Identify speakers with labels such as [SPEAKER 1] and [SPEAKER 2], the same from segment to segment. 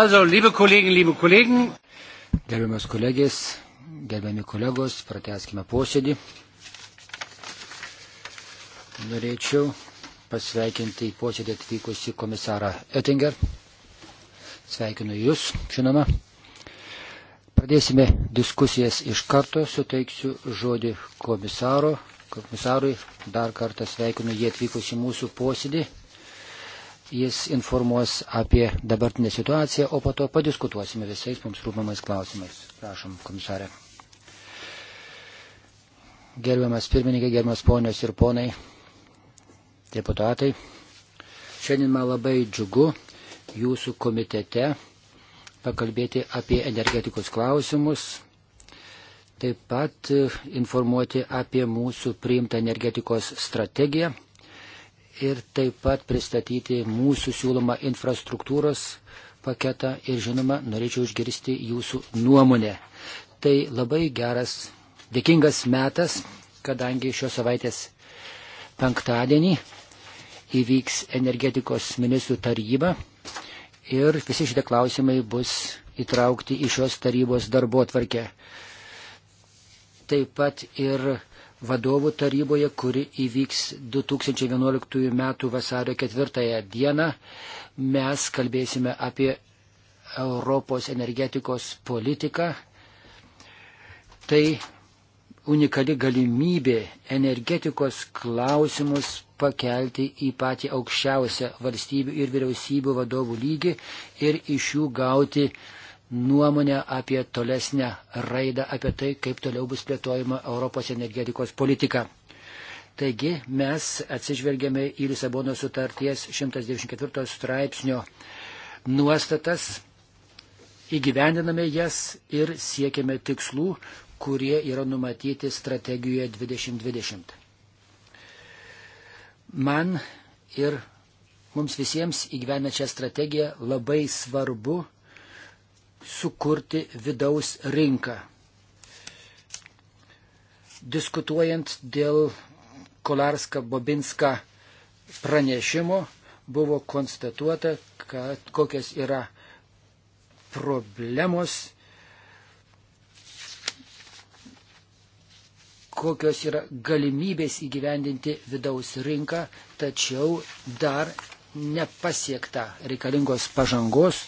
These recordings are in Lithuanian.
[SPEAKER 1] Also, liebe Kollegen, liebe Kollegen. Gerbiamas kolegės, gerbiami kolegos, pratęskime posėdį. Norėčiau pasveikinti į posėdį atvykusi komisarą Ettinger. Sveikinu Jūs, žinoma. Pradėsime diskusijas iš karto, suteiksiu žodį komisaro. Komisarui dar kartą sveikinu jį atvykusi mūsų posėdį jis informuos apie dabartinę situaciją, o po to padiskutuosime visais mums rūpamais klausimais. Prašom, komisarė. Gerbiamas pirmininkė, gerbiamas ponios ir ponai, deputatai, šiandien man labai džiugu jūsų komitete pakalbėti apie energetikos klausimus, taip pat informuoti apie mūsų priimtą energetikos strategiją ir taip pat pristatyti mūsų siūlomą infrastruktūros paketą ir žinoma, norėčiau išgirsti jūsų nuomonę. Tai labai geras, dėkingas metas, kadangi šios savaitės penktadienį įvyks energetikos ministrų taryba ir visi šitie klausimai bus įtraukti į šios tarybos darbo atvarkę. Taip pat ir vadovų taryboje, kuri įvyks 2011 m. vasario 4 dieną. Mes kalbėsime apie Europos energetikos politiką. Tai unikali galimybė energetikos klausimus pakelti į patį aukščiausią valstybių ir vyriausybių vadovų lygį ir iš jų gauti uh, nuomonę apie tolesnę raidą, apie tai, kaip toliau bus plėtojama Europos energetikos politika. Taigi mes atsižvelgėme į Lisabono sutarties 194 straipsnio nuostatas, įgyvendiname jas ir siekiame tikslų, kurie yra numatyti strategijoje 2020. Man ir mums visiems įgyvenę šią strategiją labai svarbu sukurti vidaus rinką. Diskutuojant dėl Kolarska Bobinska pranešimo buvo konstatuota, kad kokias yra problemos, kokios yra galimybės įgyvendinti vidaus rinką, tačiau dar nepasiekta reikalingos pažangos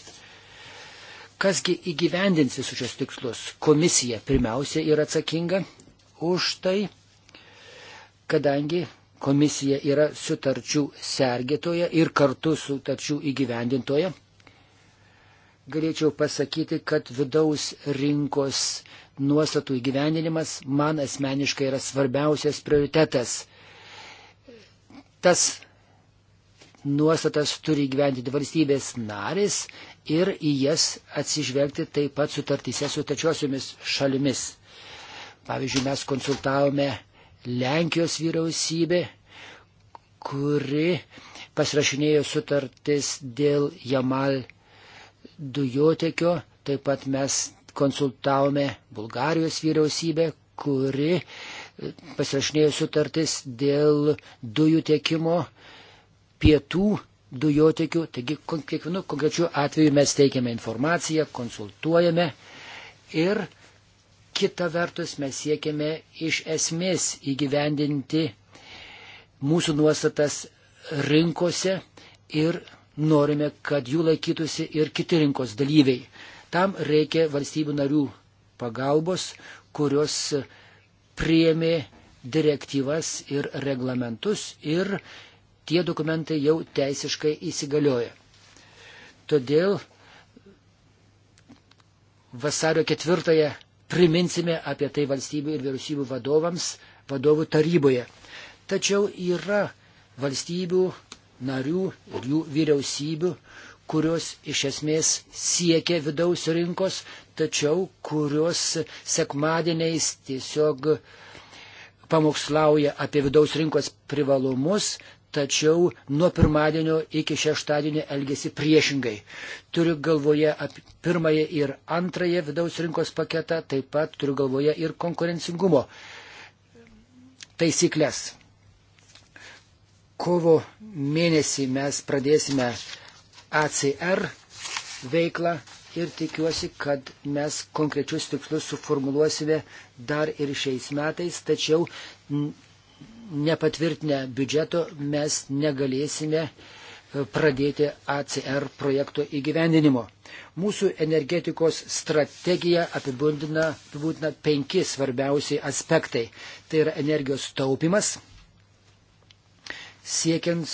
[SPEAKER 1] Kasgi įgyvendins visus šios tikslus? Komisija pirmiausia yra atsakinga už tai, kadangi komisija yra sutarčių sergėtoja ir kartu sutarčių įgyvendintoja. Galėčiau pasakyti, kad vidaus rinkos nuostatų įgyvendinimas man asmeniškai yra svarbiausias prioritetas. Tas nuostatas turi gyventi valstybės narės ir į jas atsižvelgti taip pat sutartyse su trečiosiomis šalimis. Pavyzdžiui, mes konsultavome Lenkijos vyriausybė, kuri pasirašinėjo sutartis dėl Jamal dujotekio, taip pat mes konsultavome Bulgarijos vyriausybę, kuri pasirašinėjo sutartis dėl dujų tiekimo pietų dujotekių. Taigi kiekvienu konkrečiu atveju mes teikiame informaciją, konsultuojame ir kita vertus mes siekiame iš esmės įgyvendinti mūsų nuostatas rinkose ir norime, kad jų laikytųsi ir kiti rinkos dalyviai. Tam reikia valstybių narių pagalbos, kurios priemi direktyvas ir reglamentus ir tie dokumentai jau teisiškai įsigalioja. Todėl vasario ketvirtąją priminsime apie tai valstybių ir vyriausybių vadovams vadovų taryboje. Tačiau yra valstybių narių ir jų vyriausybių, kurios iš esmės siekia vidaus rinkos, tačiau kurios sekmadieniais tiesiog pamokslauja apie vidaus rinkos privalumus, tačiau nuo pirmadienio iki šeštadienio elgesi priešingai. Turiu galvoje pirmąją ir antrąją vidaus rinkos paketą, taip pat turiu galvoje ir konkurencingumo taisyklės. Kovo mėnesį mes pradėsime ACR veiklą ir tikiuosi, kad mes konkrečius tikslus suformuluosime dar ir šiais metais, tačiau nepatvirtinę biudžeto mes negalėsime e, pradėti ACR projekto įgyvendinimo. Mūsų energetikos strategija apibūdina, apibūdina penki svarbiausiai aspektai. Tai yra energijos taupimas, siekiant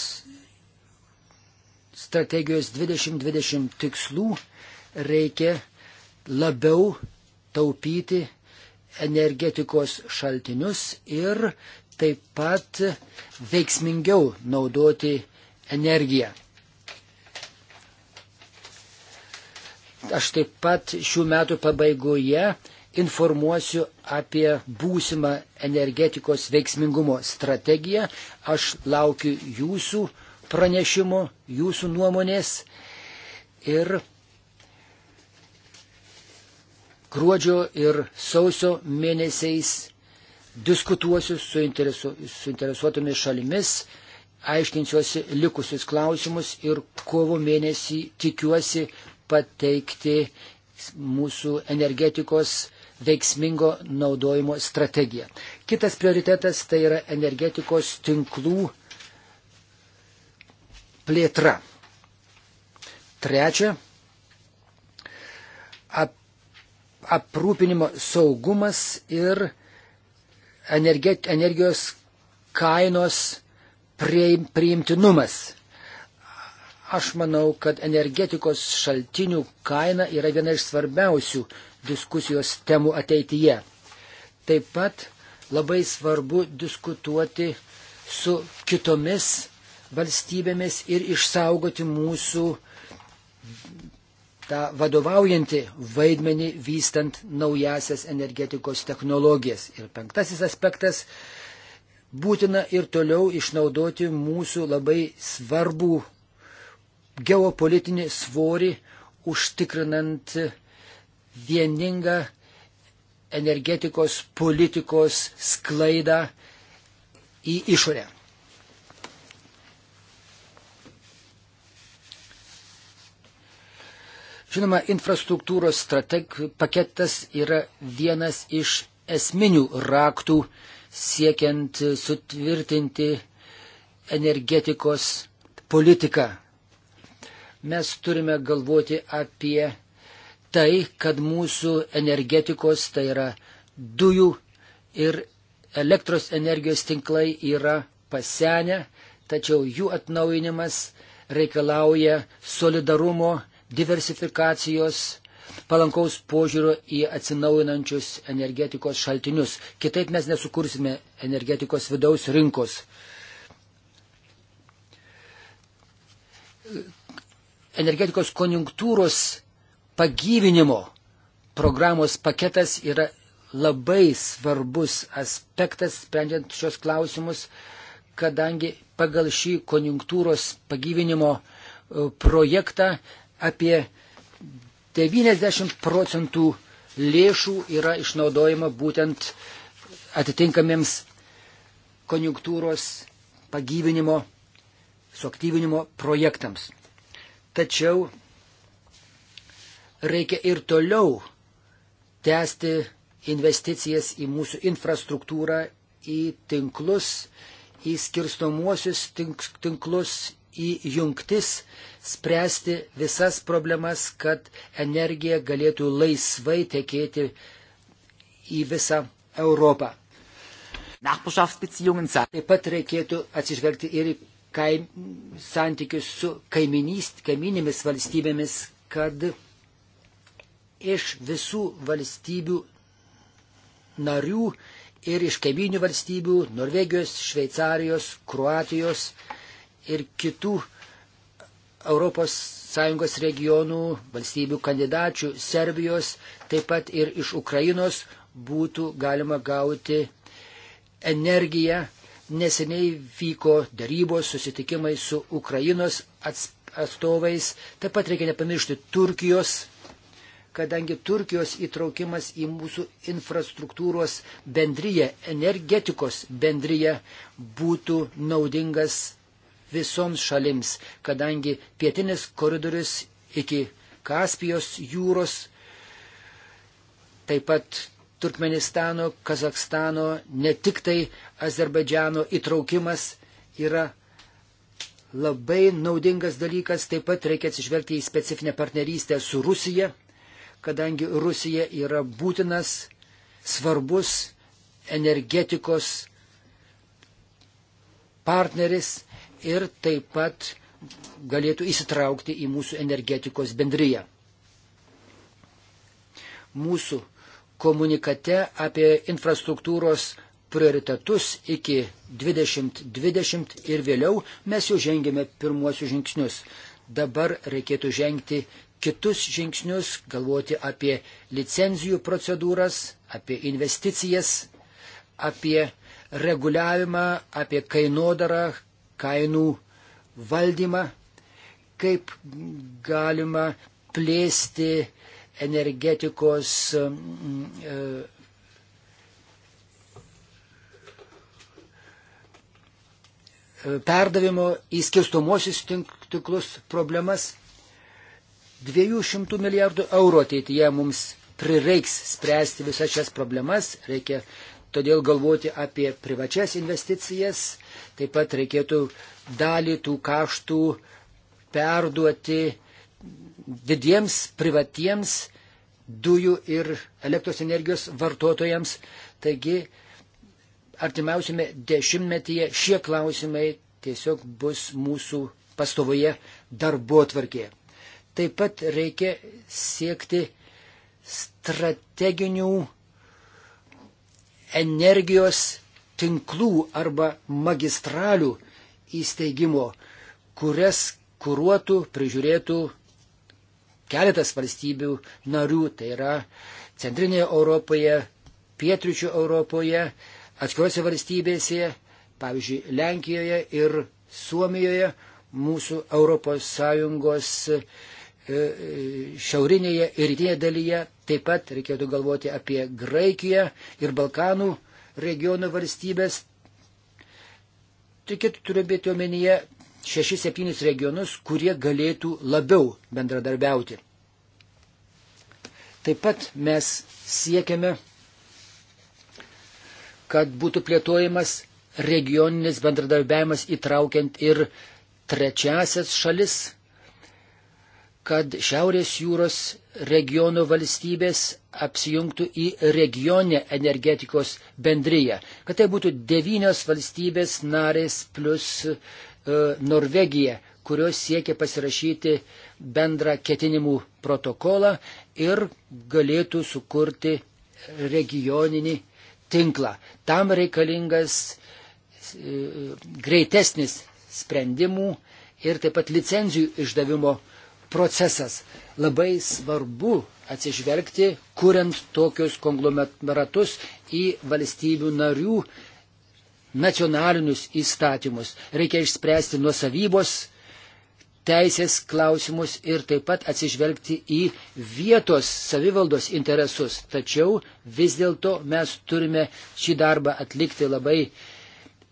[SPEAKER 1] strategijos 2020 tikslų reikia labiau taupyti energetikos šaltinius ir taip pat veiksmingiau naudoti energiją. Aš taip pat šių metų pabaigoje informuosiu apie būsimą energetikos veiksmingumo strategiją. Aš laukiu jūsų pranešimo, jūsų nuomonės ir gruodžio ir sausio mėnesiais diskutuosiu su interesu, suinteresuotomis šalimis, aiškinsiuosi likusius klausimus ir kovo mėnesį tikiuosi pateikti mūsų energetikos veiksmingo naudojimo strategiją. Kitas prioritetas tai yra energetikos tinklų plėtra. Trečia, ap, aprūpinimo saugumas ir energijos kainos priimtinumas. Aš manau, kad energetikos šaltinių kaina yra viena iš svarbiausių diskusijos temų ateityje. Taip pat labai svarbu diskutuoti su kitomis valstybėmis ir išsaugoti mūsų uh, tą vadovaujantį vaidmenį vystant naujasias energetikos technologijas. Ir penktasis aspektas - būtina ir toliau išnaudoti mūsų labai svarbų geopolitinį svorį, užtikrinant vieningą energetikos politikos sklaidą į išorę. Žinoma, infrastruktūros strateg paketas yra vienas iš esminių raktų siekiant sutvirtinti energetikos politiką. Mes turime galvoti apie tai, kad mūsų energetikos, tai yra dujų ir elektros energijos tinklai yra pasenę, tačiau jų atnaujinimas reikalauja solidarumo diversifikacijos, palankaus požiūrio į atsinaujinančius energetikos šaltinius. Kitaip mes nesukursime energetikos vidaus rinkos. Energetikos konjunktūros pagyvinimo programos paketas yra labai svarbus aspektas, sprendžiant šios klausimus, kadangi pagal šį konjunktūros pagyvinimo e, projektą apie 90 procentų lėšų yra išnaudojama būtent atitinkamiems konjunktūros pagyvinimo, suaktyvinimo projektams. Tačiau reikia ir toliau tęsti investicijas į mūsų infrastruktūrą, į tinklus, į skirstomuosius tinklus, į jungtis, spręsti visas problemas, kad energija galėtų laisvai tekėti į visą Europą. Taip pat reikėtų atsižvelgti ir kaim, santykius su kaiminėmis valstybėmis, kad iš visų valstybių narių ir iš kaiminių valstybių Norvegijos, Šveicarijos, Kroatijos ir kitų ES regionų valstybių kandidačių, Serbijos, taip pat ir iš Ukrainos būtų galima gauti energiją. Neseniai vyko darybos, susitikimai su Ukrainos atstovais. Taip pat reikia nepamiršti Turkijos, kadangi Turkijos įtraukimas į mūsų infrastruktūros bendryje, energetikos bendryje būtų naudingas visoms šalims, kadangi pietinis koridorius iki Kaspijos jūros, taip pat Turkmenistano, Kazakstano, ne tik tai Azerbaidžiano įtraukimas yra labai naudingas dalykas, taip pat reikia atsižvelgti į specifinę partnerystę su Rusija, kadangi Rusija yra būtinas, svarbus energetikos partneris ir taip pat galėtų įsitraukti į mūsų energetikos bendryje. Mūsų komunikate apie infrastruktūros prioritetus iki 2020 ir vėliau mes jau žengėme pirmuosius žingsnius. Dabar reikėtų žengti kitus žingsnius, galvoti apie licenzijų procedūras, apie investicijas, apie reguliavimą, apie kainodarą, kainų valdymą, kaip galima plėsti energetikos e, perdavimo į skirstomosius tinklus problemas. 200 milijardų eurų ateityje mums prireiks spręsti visas šias problemas, reikia uh, Todėl galvoti apie privačias investicijas, taip pat reikėtų dalį tų kaštų perduoti didiems privatiems dujų ir elektros energijos vartotojams. Taigi, artimiausiame dešimtmetyje šie klausimai tiesiog bus mūsų pastovoje darbo tvarkėje. Taip pat reikia siekti strateginių energijos tinklų arba magistralių įsteigimo, kurias kuruotų, prižiūrėtų keletas valstybių narių, tai yra Centrinėje Europoje, Pietričių Europoje, atskiruose valstybėse, pavyzdžiui, Lenkijoje ir Suomijoje, mūsų ES e, e, šiaurinėje ir rytinėje dalyje Taip pat reikėtų galvoti apie Graikiją ir Balkanų regionų valstybės. Reikėtų turėti omenyje 6-7 regionus, kurie galėtų labiau bendradarbiauti. Taip pat mes siekiame, kad būtų plėtojamas regioninis bendradarbiavimas įtraukiant ir trečiasias šalis, kad Šiaurės jūros regionų valstybės apsijungtų į regionę energetikos bendryją. Kad tai būtų devynios valstybės narės plus e, Norvegija, kurios siekia pasirašyti bendrą ketinimų protokolą ir galėtų sukurti regioninį tinklą. Tam reikalingas e, greitesnis sprendimų ir taip pat licenzijų išdavimo protokolas procesas. Labai svarbu atsižvelgti, kuriant tokius konglomeratus į valstybių narių nacionalinius įstatymus. Reikia išspręsti nuosavybos teisės klausimus ir taip pat atsižvelgti į vietos savivaldos interesus. Tačiau vis dėlto mes turime šį darbą atlikti labai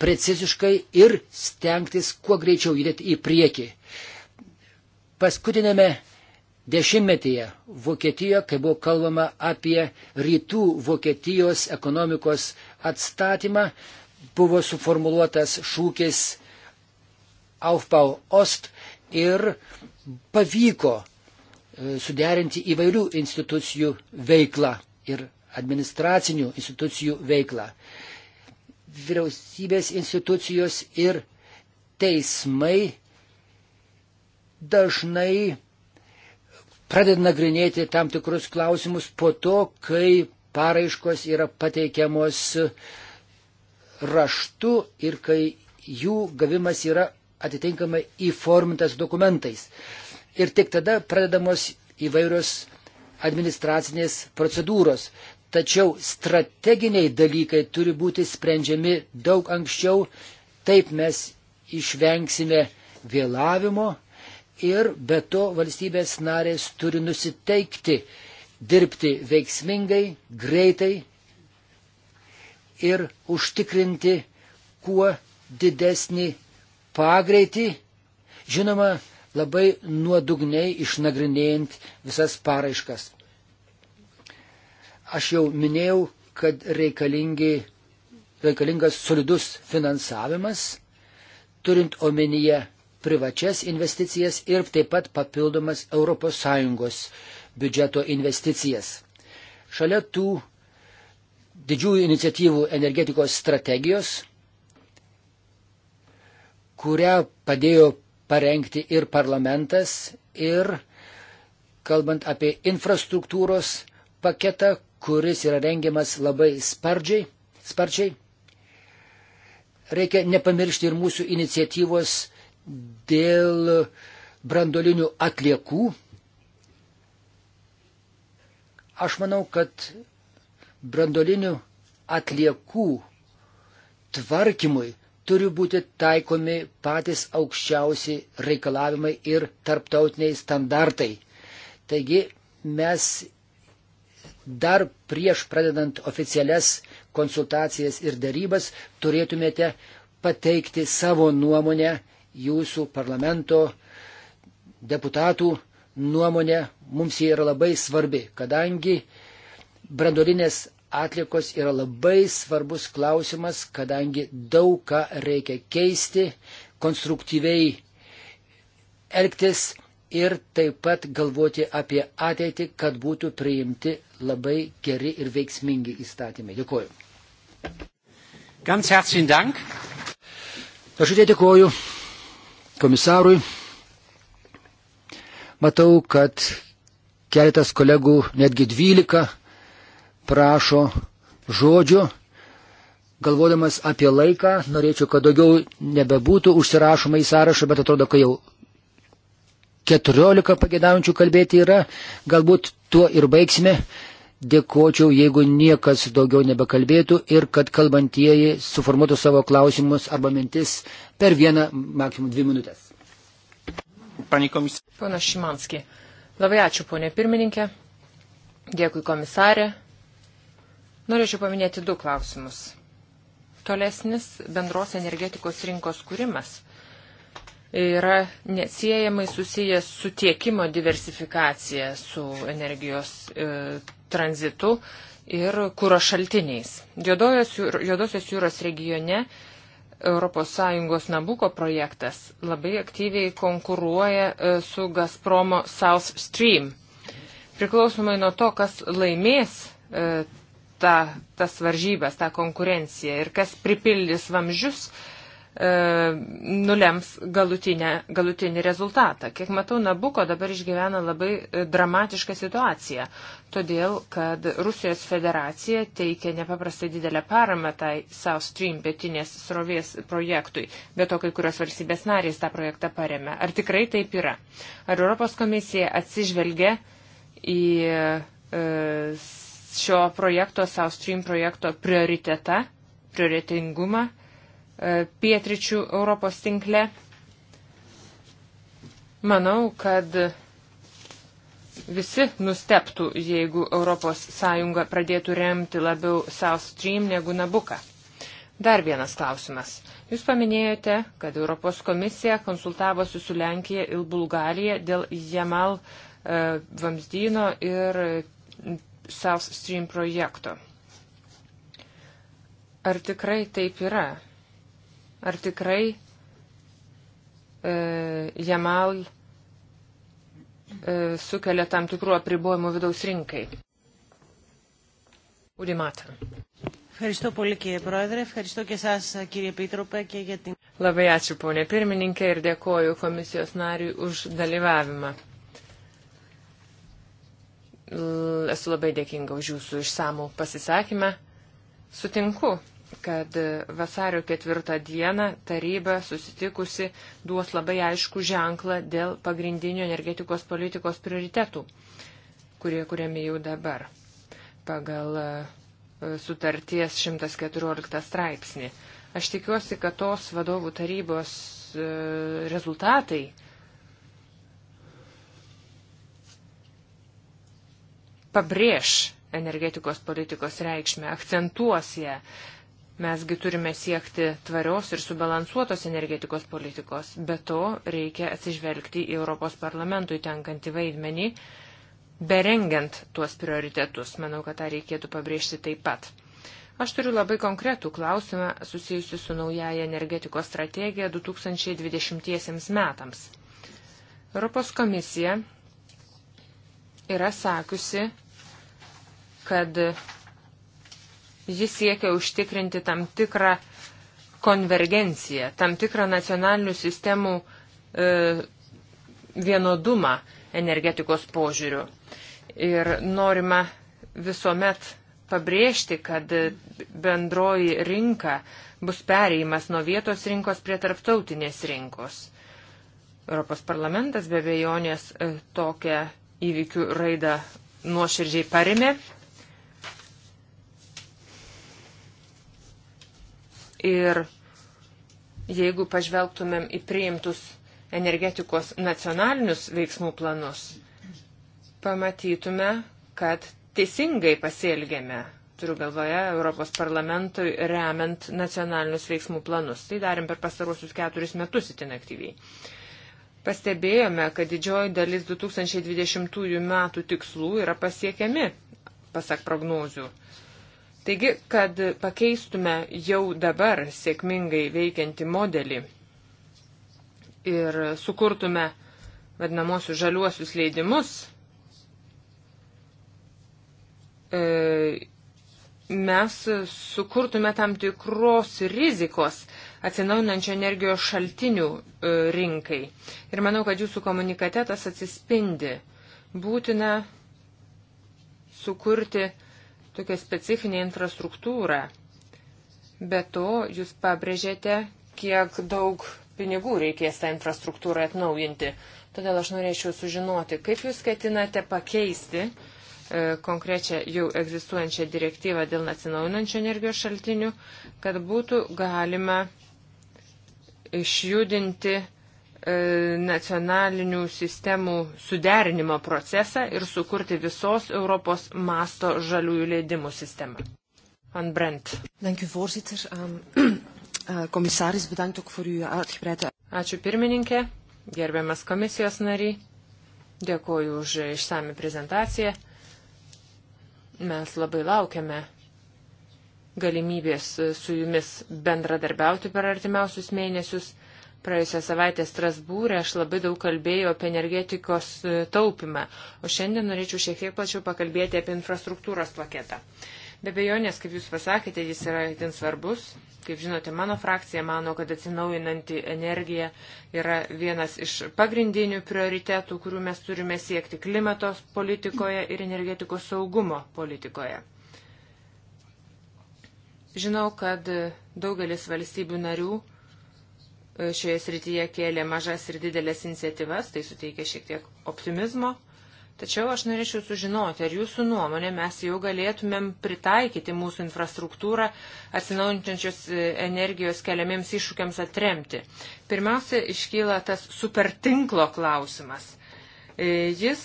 [SPEAKER 1] preciziškai ir stengtis kuo greičiau judėti į priekį. Paskutinėme dešimtmetyje Vokietijoje, kai buvo kalbama apie rytų Vokietijos ekonomikos atstatymą, buvo suformuluotas šūkis Aufbau Ost ir pavyko e, suderinti įvairių institucijų veiklą ir administracinių institucijų veiklą. Vyriausybės institucijos ir teismai dažnai pradeda nagrinėti tam tikrus klausimus po to, kai paraiškos yra pateikiamos raštu ir kai jų gavimas yra atitinkamai įformintas dokumentais. Ir tik tada pradedamos įvairios administracinės procedūros. Tačiau strateginiai dalykai turi būti sprendžiami daug anksčiau, taip mes išvengsime vėlavimo ir be to valstybės narės turi nusiteikti dirbti veiksmingai, greitai ir užtikrinti kuo didesnį pagreitį, žinoma, labai nuodugniai išnagrinėjant visas paraiškas. Aš jau minėjau, kad reikalingas solidus finansavimas, turint omenyje privačias investicijas ir taip pat papildomas ES biudžeto investicijas. Šalia tų didžiųjų iniciatyvų energetikos strategijos, kurią padėjo parengti ir parlamentas, ir kalbant apie infrastruktūros paketą, kuris yra rengiamas labai spardžiai, sparčiai. Reikia nepamiršti ir mūsų iniciatyvos dėl brandolinių atliekų. Aš manau, kad brandolinių atliekų tvarkymui turi būti taikomi patys aukščiausi reikalavimai ir tarptautiniai standartai. Taigi mes dar prieš pradedant oficialias konsultacijas ir darybas turėtumėte pateikti savo nuomonę jūsų parlamento deputatų nuomonė mums jie yra labai svarbi, kadangi brandolinės atlikos yra labai svarbus klausimas, kadangi daug ką reikia keisti, konstruktyviai elgtis ir taip pat galvoti apie ateitį, kad būtų priimti labai geri ir veiksmingi įstatymai. Dėkuoju. Ganz herzlichen Dank. Aš dėkuoju komisarui. Matau, kad keletas kolegų, netgi dvylika, prašo žodžio. Galvodamas apie laiką, norėčiau, kad daugiau nebebūtų užsirašoma į sąrašą, bet atrodo, kad jau 14 pagėdaujančių kalbėti yra, galbūt tuo ir baigsime dėkočiau, jeigu niekas daugiau nebekalbėtų ir kad kalbantieji suformuotų savo klausimus arba mintis per vieną, maksimum dvi minutės.
[SPEAKER 2] Pana Šimanski, labai ačiū, ponė pirmininkė. Dėkui, komisarė. Norėčiau paminėti du klausimus. Tolesnis bendros energetikos rinkos kūrimas yra neatsiejamai susijęs su tiekimo diversifikacija, su energijos e, tranzitu ir kūro šaltiniais. Juodosios jūros regione ES Nabuko projektas labai aktyviai konkuruoja e, su Gazpromo South Stream. Priklausomai nuo to, kas laimės e, ta, tas varžybas, tą konkurenciją ir kas pripildys vamžius, uh, E, nulems galutinę, galutinį rezultatą. Kiek matau, Nabuko dabar išgyvena labai e, dramatišką situaciją, todėl kad Rusijos federacija teikia nepaprastai didelę paramą tai South Stream pietinės srovės projektui, bet to kai kurios valstybės narės tą projektą paremė. Ar tikrai taip yra? Ar Europos komisija atsižvelgia į e, šio projekto, South Stream projekto prioritetą, prioritingumą? pietričių Europos tinkle. Manau, kad visi nusteptų, jeigu ES pradėtų remti labiau South Stream negu Nabuką. Dar vienas klausimas. Jūs paminėjote, kad Europos komisija konsultavosi su Lenkija ir Bulgarija dėl Jamal e, vamzdyno ir South Stream projekto. Ar tikrai taip yra? Ar tikrai e, Jamal e, sukelia tam tikrų apribojimų vidaus rinkai? Urimatą. Ευχαριστώ πολύ κύριε Πρόεδρε, ευχαριστώ και εσάς κύριε Επίτροπε και για την... Labai ačiū ponė pirmininkė ir dėkoju komisijos nariui už dalyvavimą. Esu labai dėkinga už jūsų išsamų pasisakymą. Sutinku, kad vasario ketvirtą dieną taryba susitikusi duos labai aišku ženklą dėl pagrindinių energetikos politikos prioritetų, kurie kuriami jau dabar pagal e, sutarties 114 straipsnį. Aš tikiuosi, kad tos vadovų tarybos e, rezultatai pabrėž energetikos politikos reikšmę, akcentuos ją, Mesgi turime siekti tvarios ir subalansuotos energetikos politikos. Be to, reikia atsižvelgti į Europos parlamentui tenkantį vaidmenį, berengiant tuos prioritetus. Manau, kad tą reikėtų pabrėžti taip pat. Aš turiu labai konkretų klausimą susijusiu su naujaja energetikos strategija 2020 metams. Europos komisija yra sakiusi, kad Jis siekia užtikrinti tam tikrą konvergenciją, tam tikrą nacionalinių sistemų e, vienodumą energetikos požiūrių. Ir norima visuomet pabrėžti, kad bendroji rinka bus pereimas nuo vietos rinkos prie tarptautinės rinkos. Europos parlamentas be bejonės e, tokią įvykių raidą nuoširdžiai parimė Ir jeigu pažvelgtumėm į priimtus energetikos nacionalinius veiksmų planus, pamatytume, kad teisingai pasielgėme, turiu galvoje, Europos parlamentui remiant nacionalinius veiksmų planus. Tai darėm per pastarosius keturis metus itin aktyviai. Pastebėjome, kad didžioji dalis 2020 metų tikslų yra pasiekiami, pasak prognozių. Taigi, kad pakeistume jau dabar sėkmingai veikiantį modelį ir sukurtume vadinamosius žaliuosius leidimus, e, mes sukurtume tam tikros rizikos atsinaujinančio energijos šaltinių e, rinkai. Ir manau, kad jūsų komunikatetas atsispindi. Būtina sukurti tokią specifinę infrastruktūrą. Be to, jūs pabrėžėte, kiek daug pinigų reikės tą infrastruktūrą atnaujinti. Todėl aš norėčiau sužinoti, kaip jūs ketinate pakeisti e, konkrečią jau egzistuojančią direktyvą dėl atsinaujinančio energijos šaltinių, kad būtų galima išjudinti E, nacionalinių sistemų suderinimo procesą ir sukurti visos Europos masto žaliųjų leidimų sistemą. Van Brent. Dank u voorzitter. Um, uh, commissaris, bedankt ook voor uw uitgebreide. Ačiū pirmininkė, gerbiamas komisijos nariai. Dėkuoju už išsami prezentaciją. Mes labai laukiame galimybės su jumis bendradarbiauti per artimiausius mėnesius Praėjusią savaitę Strasbūrė aš labai daug kalbėjau apie energetikos e, taupimą, o šiandien norėčiau šiek tiek plačiau pakalbėti apie infrastruktūros paketą. Be bejonės, kaip Jūs pasakėte, jis yra itin svarbus. Kaip žinote, mano frakcija mano, kad atsinaujinanti energija yra vienas iš pagrindinių prioritetų, kurių mes turime siekti klimatos politikoje ir energetikos saugumo politikoje. Žinau, kad daugelis valstybių narių šioje srityje kėlė mažas ir didelės iniciatyvas, tai suteikė šiek tiek optimizmo. Tačiau aš norėčiau sužinoti, ar jūsų nuomonė mes jau galėtumėm pritaikyti mūsų infrastruktūrą atsinaujančios e, energijos keliamiems iššūkiams atremti. Pirmiausia, iškyla tas supertinklo klausimas. E, jis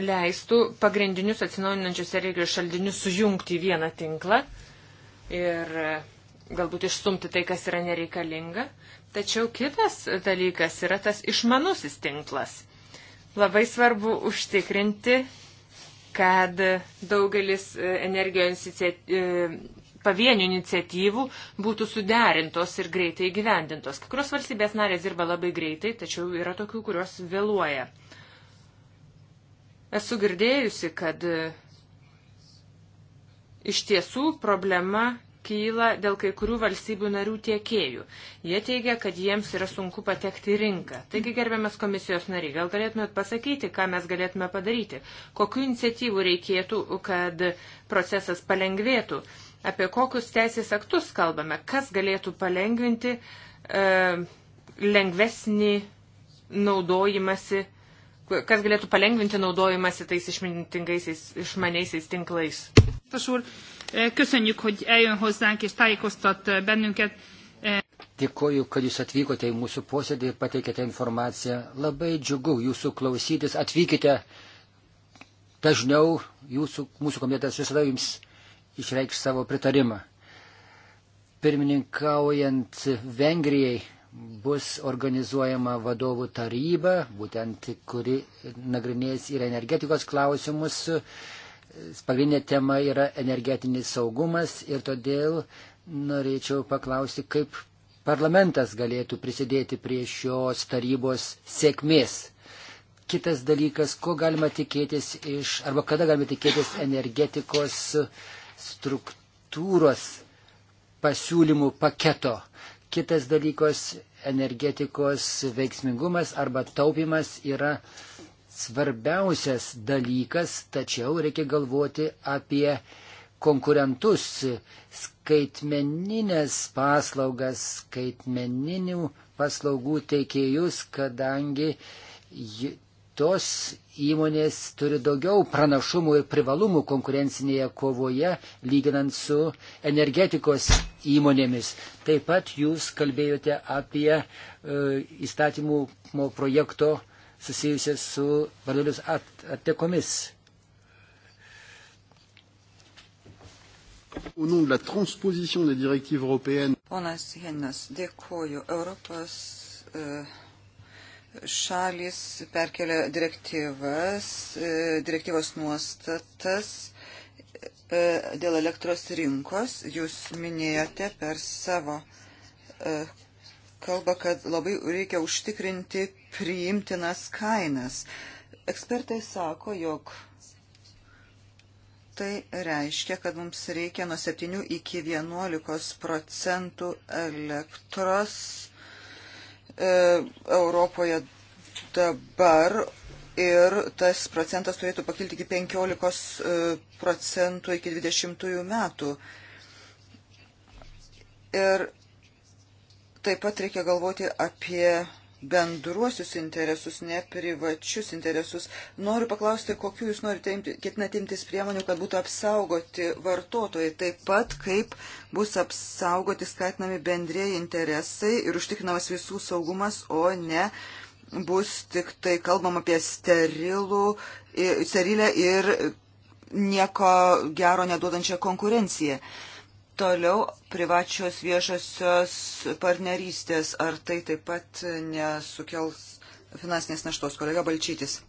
[SPEAKER 2] leistų pagrindinius atsinaujinančios energijos šaltinius sujungti į vieną tinklą ir galbūt išstumti tai, kas yra nereikalinga. Tačiau kitas dalykas yra tas išmanusis tinklas. Labai svarbu užtikrinti, kad daugelis e, energijos e, pavienių iniciatyvų būtų suderintos ir greitai įgyvendintos. Kai kurios valstybės narės dirba labai greitai, tačiau yra tokių, kurios vėluoja. Esu girdėjusi, kad e, iš tiesų problema kyla dėl kai kurių valstybių narių tiekėjų. Jie teigia, kad jiems yra sunku patekti į rinką. Taigi, gerbiamas komisijos nariai, gal galėtumėt pasakyti, ką mes galėtume padaryti, kokiu iniciatyvu reikėtų, kad procesas palengvėtų, apie kokius teisės aktus kalbame, kas galėtų palengvinti e, lengvesnį naudojimąsi kas galėtų palengvinti naudojimąsi tais išmintingaisiais, išmaniaisiais tinklais. Tašur, Eh, köszönjük, hogy eljön hozzánk és tájékoztat eh, bennünket. Eh,
[SPEAKER 1] Dėkoju, kad jūs atvykote į mūsų posėdį ir pateikėte informaciją. Labai džiugu jūsų klausytis. Atvykite dažniau, jūsų, mūsų komitetas visada jums išreikš savo pritarimą. Pirmininkaujant Vengrijai bus organizuojama vadovų taryba, būtent kuri nagrinės ir energetikos klausimus pagrindinė tema yra energetinis saugumas ir todėl norėčiau paklausti, kaip parlamentas galėtų prisidėti prie šios tarybos sėkmės. Kitas dalykas, ko galima tikėtis iš, arba kada galima tikėtis energetikos struktūros pasiūlymų paketo. Kitas dalykas, energetikos veiksmingumas arba taupimas yra svarbiausias dalykas, tačiau reikia galvoti apie konkurentus, skaitmeninės paslaugas, skaitmeninių paslaugų teikėjus, kadangi tos įmonės turi daugiau pranašumų ir privalumų konkurencinėje kovoje, lyginant su energetikos įmonėmis. Taip pat jūs kalbėjote apie e, įstatymų projekto susijusias su vadovėlius at, attekomis.
[SPEAKER 3] Ponas Hennas, dėkoju. Europos e, šalis perkelia direktyvas, e, direktyvos nuostatas e, dėl elektros rinkos. Jūs minėjote per savo kalba, kad labai reikia užtikrinti priimtinas kainas. Ekspertai sako, jog tai reiškia, kad mums reikia nuo 7 iki 11 procentų elektros e, Europoje dabar ir tas procentas turėtų pakilti iki 15 e, procentų iki 20 metų. Ir Taip pat reikia galvoti apie bendruosius interesus, ne privačius interesus. Noriu paklausti, kokiu jūs norite imti, ketinate imtis priemonių, kad būtų apsaugoti vartotojai, taip pat kaip bus apsaugoti skatinami bendrėjai interesai ir užtikrinamas visų saugumas, o ne bus tik tai kalbam apie sterilų, sterilę ir nieko gero neduodančią konkurenciją. Toliau privačios viešosios partnerystės. Ar tai taip pat nesukels finansinės naštos? Kolega Balčytis.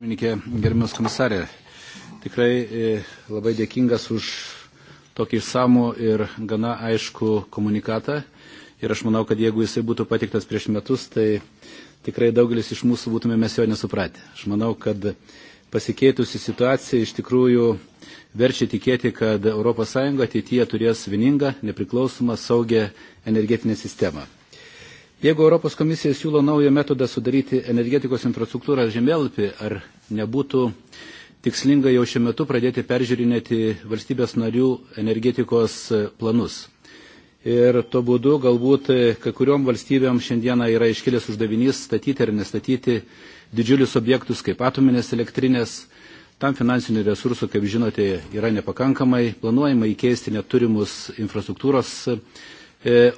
[SPEAKER 4] Minikė, gerbiamas komisarė, tikrai e, labai dėkingas už tokį samų ir gana aišku komunikatą. Ir aš manau, kad jeigu jisai būtų patiktas prieš metus, tai tikrai daugelis iš mūsų būtumėme jo nesupratę. Aš manau, kad pasikeitusi situacija iš tikrųjų verčia tikėti, kad ES ateityje turės vieningą, nepriklausomą, saugę energetinę sistemą. Jeigu Europos komisija siūlo naują metodą sudaryti energetikos infrastruktūrą žemėlapį, ar nebūtų tikslinga jau šiuo metu pradėti peržiūrinėti valstybės narių energetikos planus? Ir tuo būdu galbūt e, kai kuriuom valstybėm šiandieną yra iškilęs uždavinys statyti ar nestatyti didžiulius objektus kaip atominės elektrinės. Tam finansinių resursų, kaip žinote, yra nepakankamai. Planuojama įkeisti neturimus infrastruktūros e,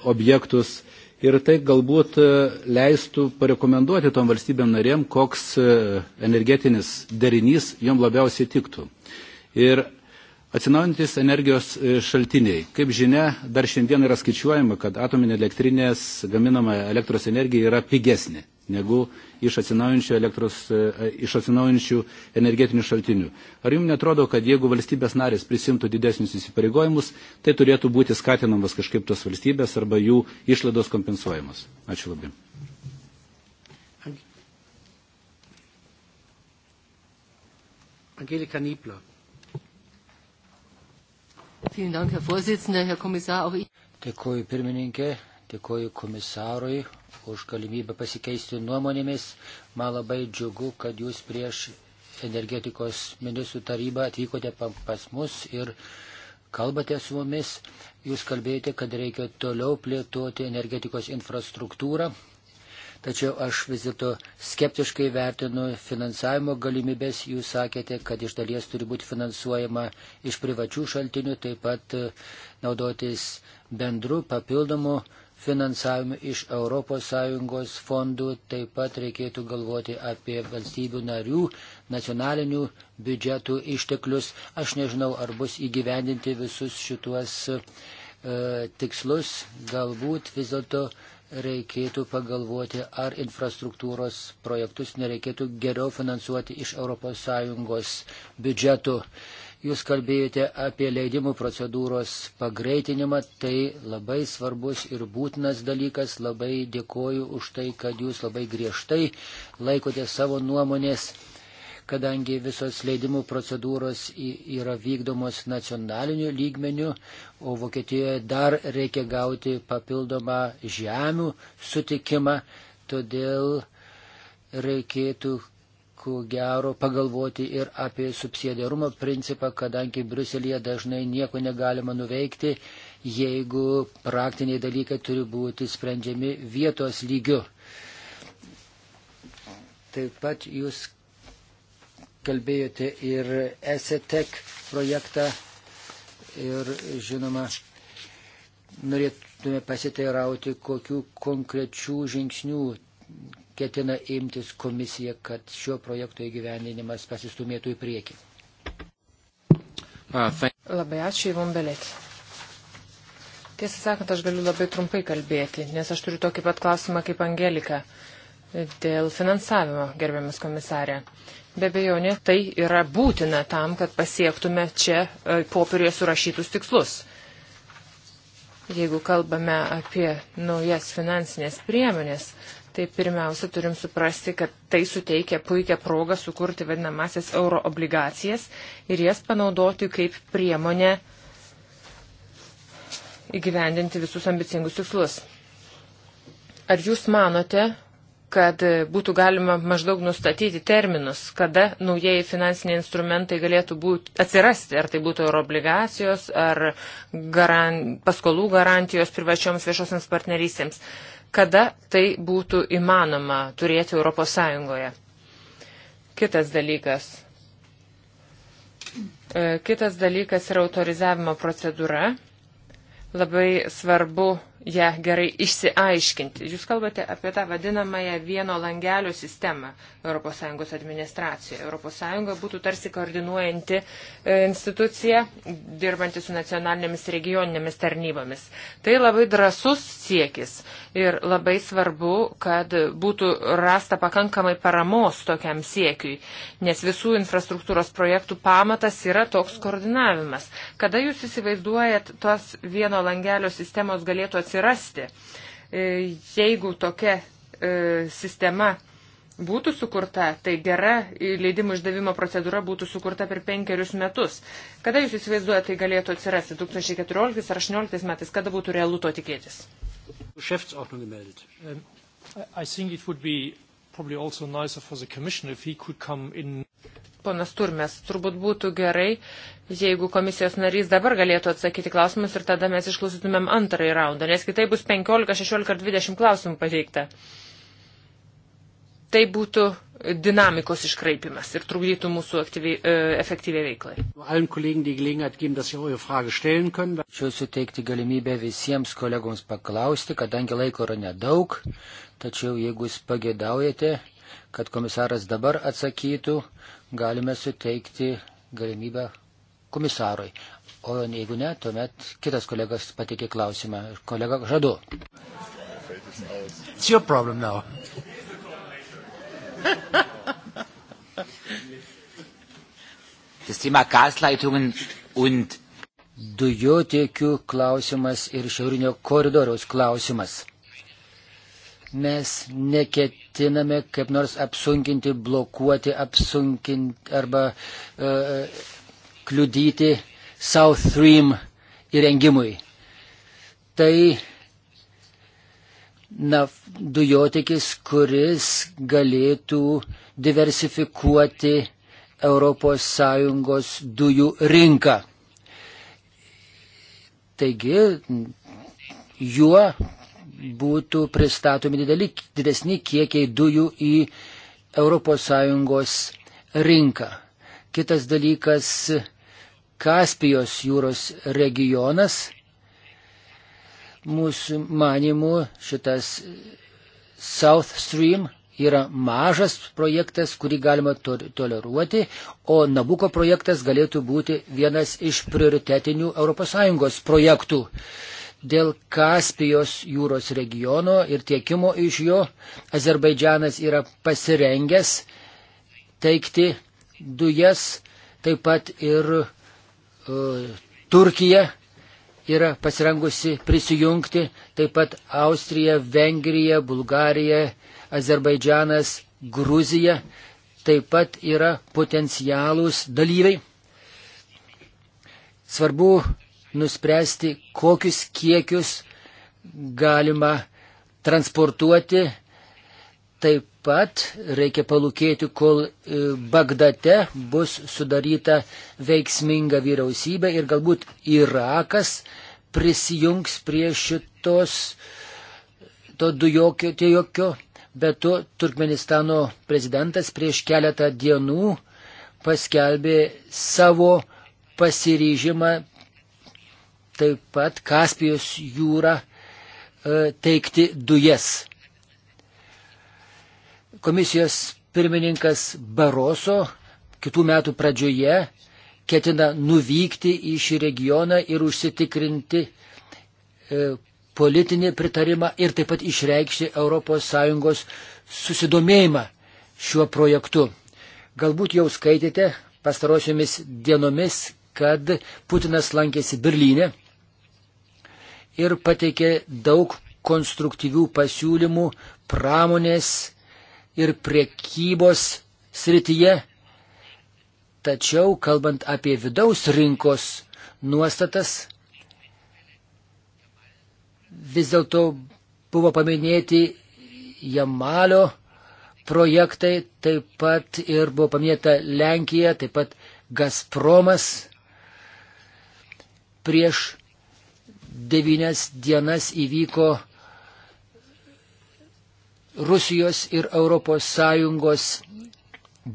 [SPEAKER 4] objektus. Ir tai galbūt e, leistų parekomenduoti tom valstybėm narėm, koks e, energetinis derinys jom labiausiai tiktų. Ir Atsinaujantis energijos e, šaltiniai. Kaip žinia, dar šiandien yra skaičiuojama, kad atominė elektrinės gaminama elektros energija yra pigesnė negu iš atsinaujančių, elektros, e, e, iš atsinaujančių energetinių šaltinių. Ar jums netrodo, kad jeigu valstybės narės prisimtų didesnius įsipareigojimus, tai turėtų būti skatinamas kažkaip tos valstybės arba jų išlaidos kompensuojamas? Ačiū labai. Angelika Nibler.
[SPEAKER 1] Dėkuoju pirmininkė, dėkuoju komisarui už galimybę pasikeisti nuomonėmis. Man labai džiugu, kad jūs prieš energetikos ministrų tarybą atvykote pas mus ir kalbate su mumis. Jūs kalbėjote, kad reikia toliau plėtoti energetikos infrastruktūrą tačiau aš vis dėlto skeptiškai vertinu finansavimo galimybės. Jūs sakėte, kad iš dalies turi būti finansuojama iš privačių šaltinių, taip pat e, naudotis bendru papildomu finansavimu iš ES fondų, taip pat reikėtų galvoti apie valstybių narių nacionalinių biudžetų išteklius. Aš nežinau, ar bus įgyvendinti visus šituos e, tikslus, galbūt vis dėlto e, reikėtų pagalvoti, ar infrastruktūros projektus nereikėtų geriau finansuoti iš ES biudžetų. Jūs kalbėjote apie leidimų procedūros pagreitinimą, tai labai svarbus ir būtinas dalykas. Labai dėkoju už tai, kad jūs labai griežtai laikote savo nuomonės kadangi visos leidimų procedūros yra vykdomos nacionaliniu lygmeniu, o Vokietijoje dar reikia gauti papildomą žemių sutikimą, todėl reikėtų ko gero pagalvoti ir apie subsidiarumo principą, kadangi Bruselėje dažnai nieko negalima nuveikti, jeigu praktiniai dalykai turi būti sprendžiami vietos lygiu. Taip pat jūs kalbėjote ir ESETEC projektą ir žinoma, norėtume pasiteirauti, kokiu konkrečių žingsnių ketina imtis komisija, kad šio projekto įgyvendinimas pasistumėtų į priekį.
[SPEAKER 2] Uh, labai ačiū, Ivon Belėt. Tiesą sakant, aš galiu labai trumpai kalbėti, nes aš turiu tokį pat klausimą kaip Angelika dėl finansavimo, gerbiamas komisarė. Be bejonė, tai yra būtina tam, kad pasiektume čia e, popieriuje surašytus tikslus. Jeigu kalbame apie naujas finansinės priemonės, tai pirmiausia turim suprasti, kad tai suteikia puikią progą sukurti vadinamasias euro obligacijas ir jas panaudoti kaip priemonę įgyvendinti visus ambicingus tikslus. Ar jūs manote, kad būtų galima maždaug nustatyti terminus, kada naujieji finansiniai instrumentai galėtų būti atsirasti, ar tai būtų euroobligacijos, ar garan, paskolų garantijos privačioms viešosiams partnerystėms, kada tai būtų įmanoma turėti Europos Sąjungoje. Kitas dalykas. E, kitas dalykas yra autorizavimo procedūra. Labai svarbu ją gerai išsiaiškinti. Jūs kalbate apie tą vadinamąją vieno langelio sistemą ES administracijoje. ES būtų tarsi koordinuojanti e, institucija, dirbanti su nacionalinėmis regioninėmis tarnybomis. Tai labai drasus siekis ir labai svarbu, kad būtų rasta pakankamai paramos tokiam siekiui, nes visų infrastruktūros projektų pamatas yra toks koordinavimas. Kada jūs įsivaizduojat, tos vieno langelio sistemos galėtų atsitikti? atsirasti. E, jeigu tokia e, sistema būtų sukurta, tai gera leidimų išdavimo procedūra būtų sukurta per penkerius metus. Kada jūs įsivaizduojate, tai galėtų atsirasti 2014 ar 2018 metais, kada būtų realu to tikėtis? Ponas Turmes, turbūt būtų gerai, jeigu komisijos narys dabar galėtų atsakyti klausimus ir tada mes išklausytumėm antrąjį raundą, nes kitai bus 15, 16 ar 20 klausimų pateikta. Tai būtų dinamikos iškraipimas ir trukdytų mūsų aktyviai, e, efektyviai veiklai.
[SPEAKER 4] Ačiū
[SPEAKER 1] suteikti galimybę visiems kolegoms paklausti, kadangi laiko yra nedaug, tačiau jeigu jūs pagėdaujate, kad komisaras dabar atsakytų, galime suteikti galimybę komisarui. O jeigu ne, tuomet kitas kolegas patikė klausimą. Kolega žadu.
[SPEAKER 5] It's your problem now.
[SPEAKER 1] Das Thema Gasleitungen und Dujotiekių klausimas ir šiaurinio koridoriaus klausimas. Mes neketiname kaip nors apsunkinti, blokuoti, apsunkinti arba uh, kliudyti South Stream įrengimui. Tai naf, dujotikis, kuris galėtų diversifikuoti ES dujų rinką. Taigi juo būtų pristatomi dideli, didesni kiekiai dujų į ES rinką. Kitas dalykas - Kaspijos jūros regionas. Mūsų manimų šitas South Stream yra mažas projektas, kurį galima to toleruoti, o Nabuko projektas galėtų būti vienas iš prioritetinių ES projektų dėl Kaspijos jūros regiono ir tiekimo iš jo Azerbaidžianas yra pasirengęs teikti dujas, taip pat ir e, Turkija yra pasirengusi prisijungti, taip pat Austrija, Vengrija, Bulgarija, Azerbaidžianas, Gruzija taip pat yra potencialūs dalyviai. Svarbu nuspręsti, kokius kiekius galima transportuoti. Taip pat reikia palūkėti, kol e, Bagdate bus sudaryta veiksminga vyriausybė ir galbūt Irakas prisijungs prie šitos to dujokio tiejokio, bet to Turkmenistano prezidentas prieš keletą dienų paskelbė savo pasiryžimą taip pat Kaspijos jūrą e, teikti dujas. Komisijos pirmininkas Baroso kitų metų pradžioje ketina nuvykti į šį regioną ir užsitikrinti e, politinį pritarimą ir taip pat išreikšti ES susidomėjimą šiuo projektu. Galbūt jau skaitėte pastarosiomis dienomis, kad Putinas lankėsi Berlyne ir pateikė daug konstruktyvių pasiūlymų pramonės ir priekybos srityje. Tačiau, kalbant apie vidaus rinkos nuostatas, vis dėlto buvo paminėti Jamalio projektai, taip pat ir buvo paminėta Lenkija, taip pat Gazpromas. Prieš devynias dienas įvyko Rusijos ir ES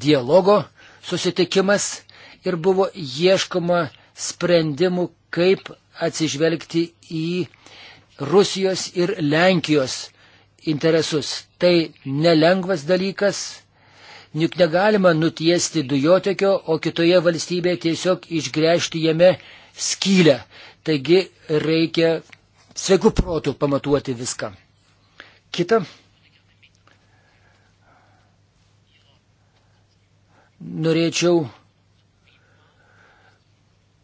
[SPEAKER 1] dialogo susitikimas ir buvo ieškoma sprendimų, kaip atsižvelgti į Rusijos ir Lenkijos interesus. Tai nelengvas dalykas, juk negalima nutiesti dujotekio, o kitoje valstybėje tiesiog išgręžti jame skylę. Taigi reikia sveikų protų pamatuoti viską. Kita. Norėčiau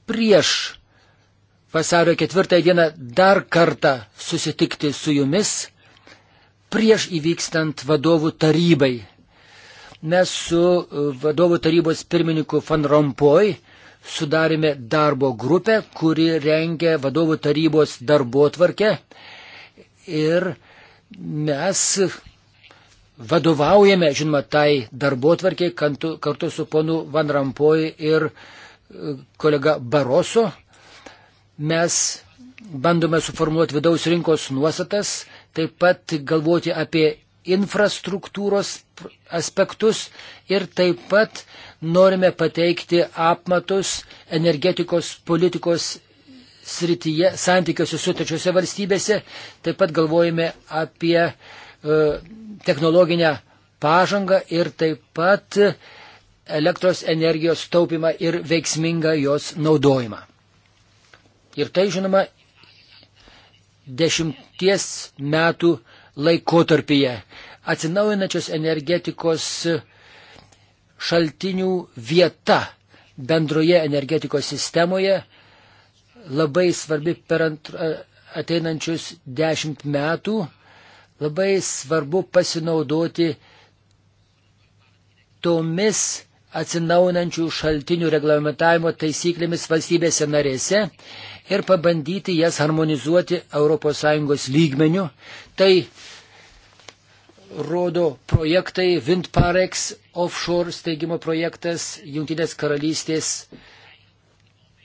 [SPEAKER 1] prieš vasario ketvirtąją dieną dar kartą susitikti su jumis prieš įvykstant vadovų tarybai. Mes su vadovų tarybos pirmininku Fan Rompoj sudarėme darbo grupę, kuri rengia vadovų tarybos darbo tvarkę ir mes vadovaujame, žinoma, tai darbo tvarkiai kartu, kartu su ponu Van Rampoj ir e, kolega Baroso. Mes bandome suformuoti vidaus rinkos nuostatas, taip pat galvoti apie infrastruktūros aspektus ir taip pat norime pateikti apmatus energetikos politikos srityje, santykiuose su trečiose valstybėse. Taip pat galvojame apie e, technologinę pažangą ir taip pat elektros energijos taupimą ir veiksmingą jos naudojimą. Ir tai, žinoma, dešimties metų laikotarpyje atsinaujinančios energetikos šaltinių vieta bendroje energetikos sistemoje labai svarbi per ateinančius dešimt metų. Labai svarbu pasinaudoti tomis atsinaunančių šaltinių reglamentavimo taisyklėmis valstybėse narėse ir pabandyti jas harmonizuoti ES lygmeniu. Tai rodo projektai Windparex, offshore steigimo projektas Junktinės karalystės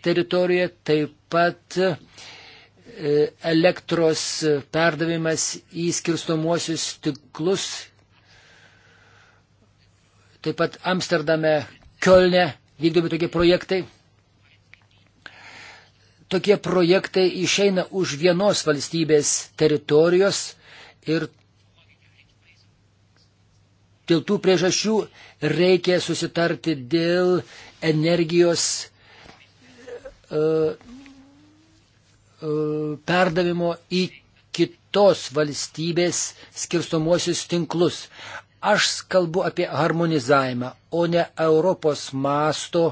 [SPEAKER 1] teritorijoje, taip pat e, elektros perdavimas į skirstomuosius tinklus, taip pat Amsterdame, Kölne vykdomi tokie projektai. Tokie projektai išeina už vienos valstybės teritorijos ir Dėl tų priežasčių reikia susitarti dėl energijos uh, uh, perdavimo į kitos valstybės skirstomuosius tinklus. Aš kalbu apie harmonizavimą, o ne Europos masto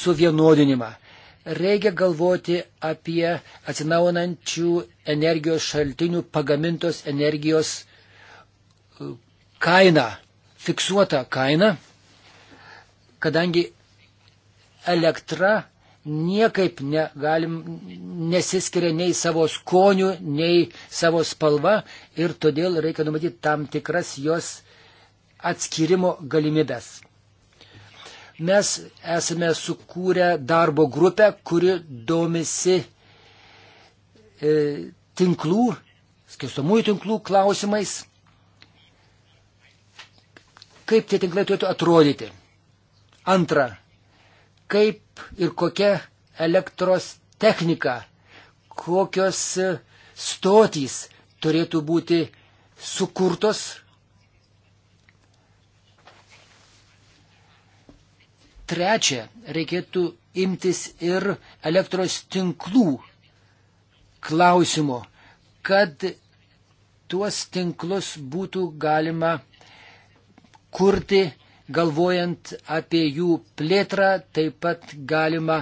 [SPEAKER 1] suvienodinimą. Reikia galvoti apie atsinaunančių energijos šaltinių pagamintos energijos e, kainą fiksuotą kainą, kadangi elektra niekaip negalim, nesiskiria nei savo skoniu, nei savo spalva ir todėl reikia numatyti tam tikras jos atskirimo galimybės. Mes esame sukūrę darbo grupę, kuri domisi e, tinklų, skirstomųjų tinklų klausimais kaip tie tinklai turėtų atrodyti. Antra, kaip ir kokia elektros technika, kokios stotys turėtų būti sukurtos. Trečia, reikėtų imtis ir elektros tinklų klausimo, kad tuos tinklus būtų galima kurti, galvojant apie jų plėtrą, taip pat galima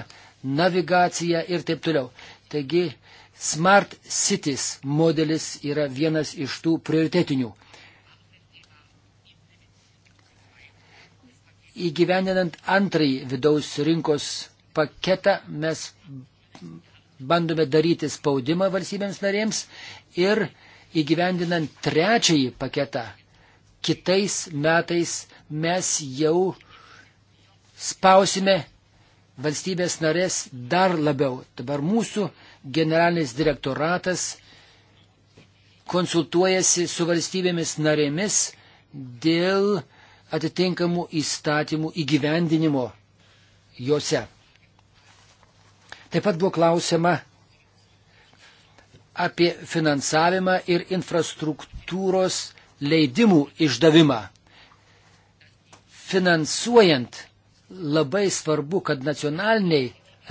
[SPEAKER 1] navigaciją ir taip toliau. Taigi Smart Cities modelis yra vienas iš tų prioritetinių. Įgyvendinant antrąjį vidaus rinkos paketą mes bandome daryti spaudimą valstybėms narėms ir įgyvendinant trečiąjį paketą kitais metais mes jau spausime valstybės narės dar labiau. Dabar mūsų generalinis direktoratas konsultuojasi su valstybėmis narėmis dėl atitinkamų įstatymų įgyvendinimo juose. Taip pat buvo klausima apie finansavimą ir infrastruktūros leidimų išdavimą. Finansuojant labai svarbu, kad nacionaliniai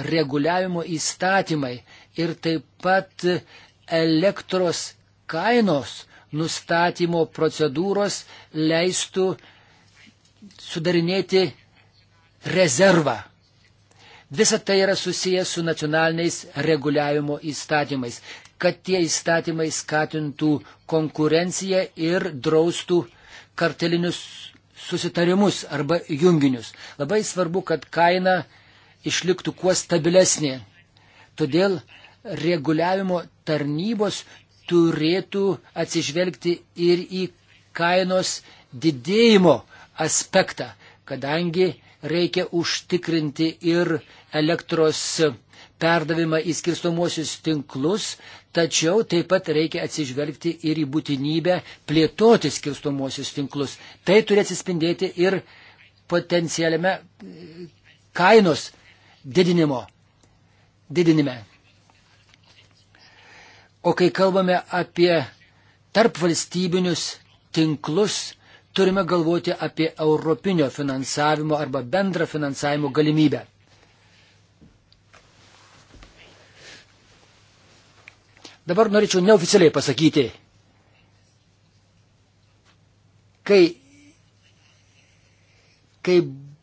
[SPEAKER 1] reguliavimo įstatymai ir taip pat elektros kainos nustatymo procedūros leistų sudarinėti rezervą. Visa tai yra susijęs su nacionaliniais reguliavimo įstatymais kad tie įstatymai skatintų konkurenciją ir draustų kartelinius susitarimus arba junginius. Labai svarbu, kad kaina išliktų kuo stabilesnė. Todėl reguliavimo tarnybos turėtų atsižvelgti ir į kainos didėjimo aspektą, kadangi reikia užtikrinti ir elektros perdavimą į skirstomuosius tinklus, tačiau taip pat reikia atsižvelgti ir į būtinybę plėtoti skirstomuosius tinklus. Tai turi atsispindėti ir potencialiame e, kainos didinimo, didinime. O kai kalbame apie tarp valstybinius tinklus, turime galvoti apie europinio finansavimo arba bendrą finansavimo galimybę. Dabar norėčiau neoficialiai pasakyti, kai, kai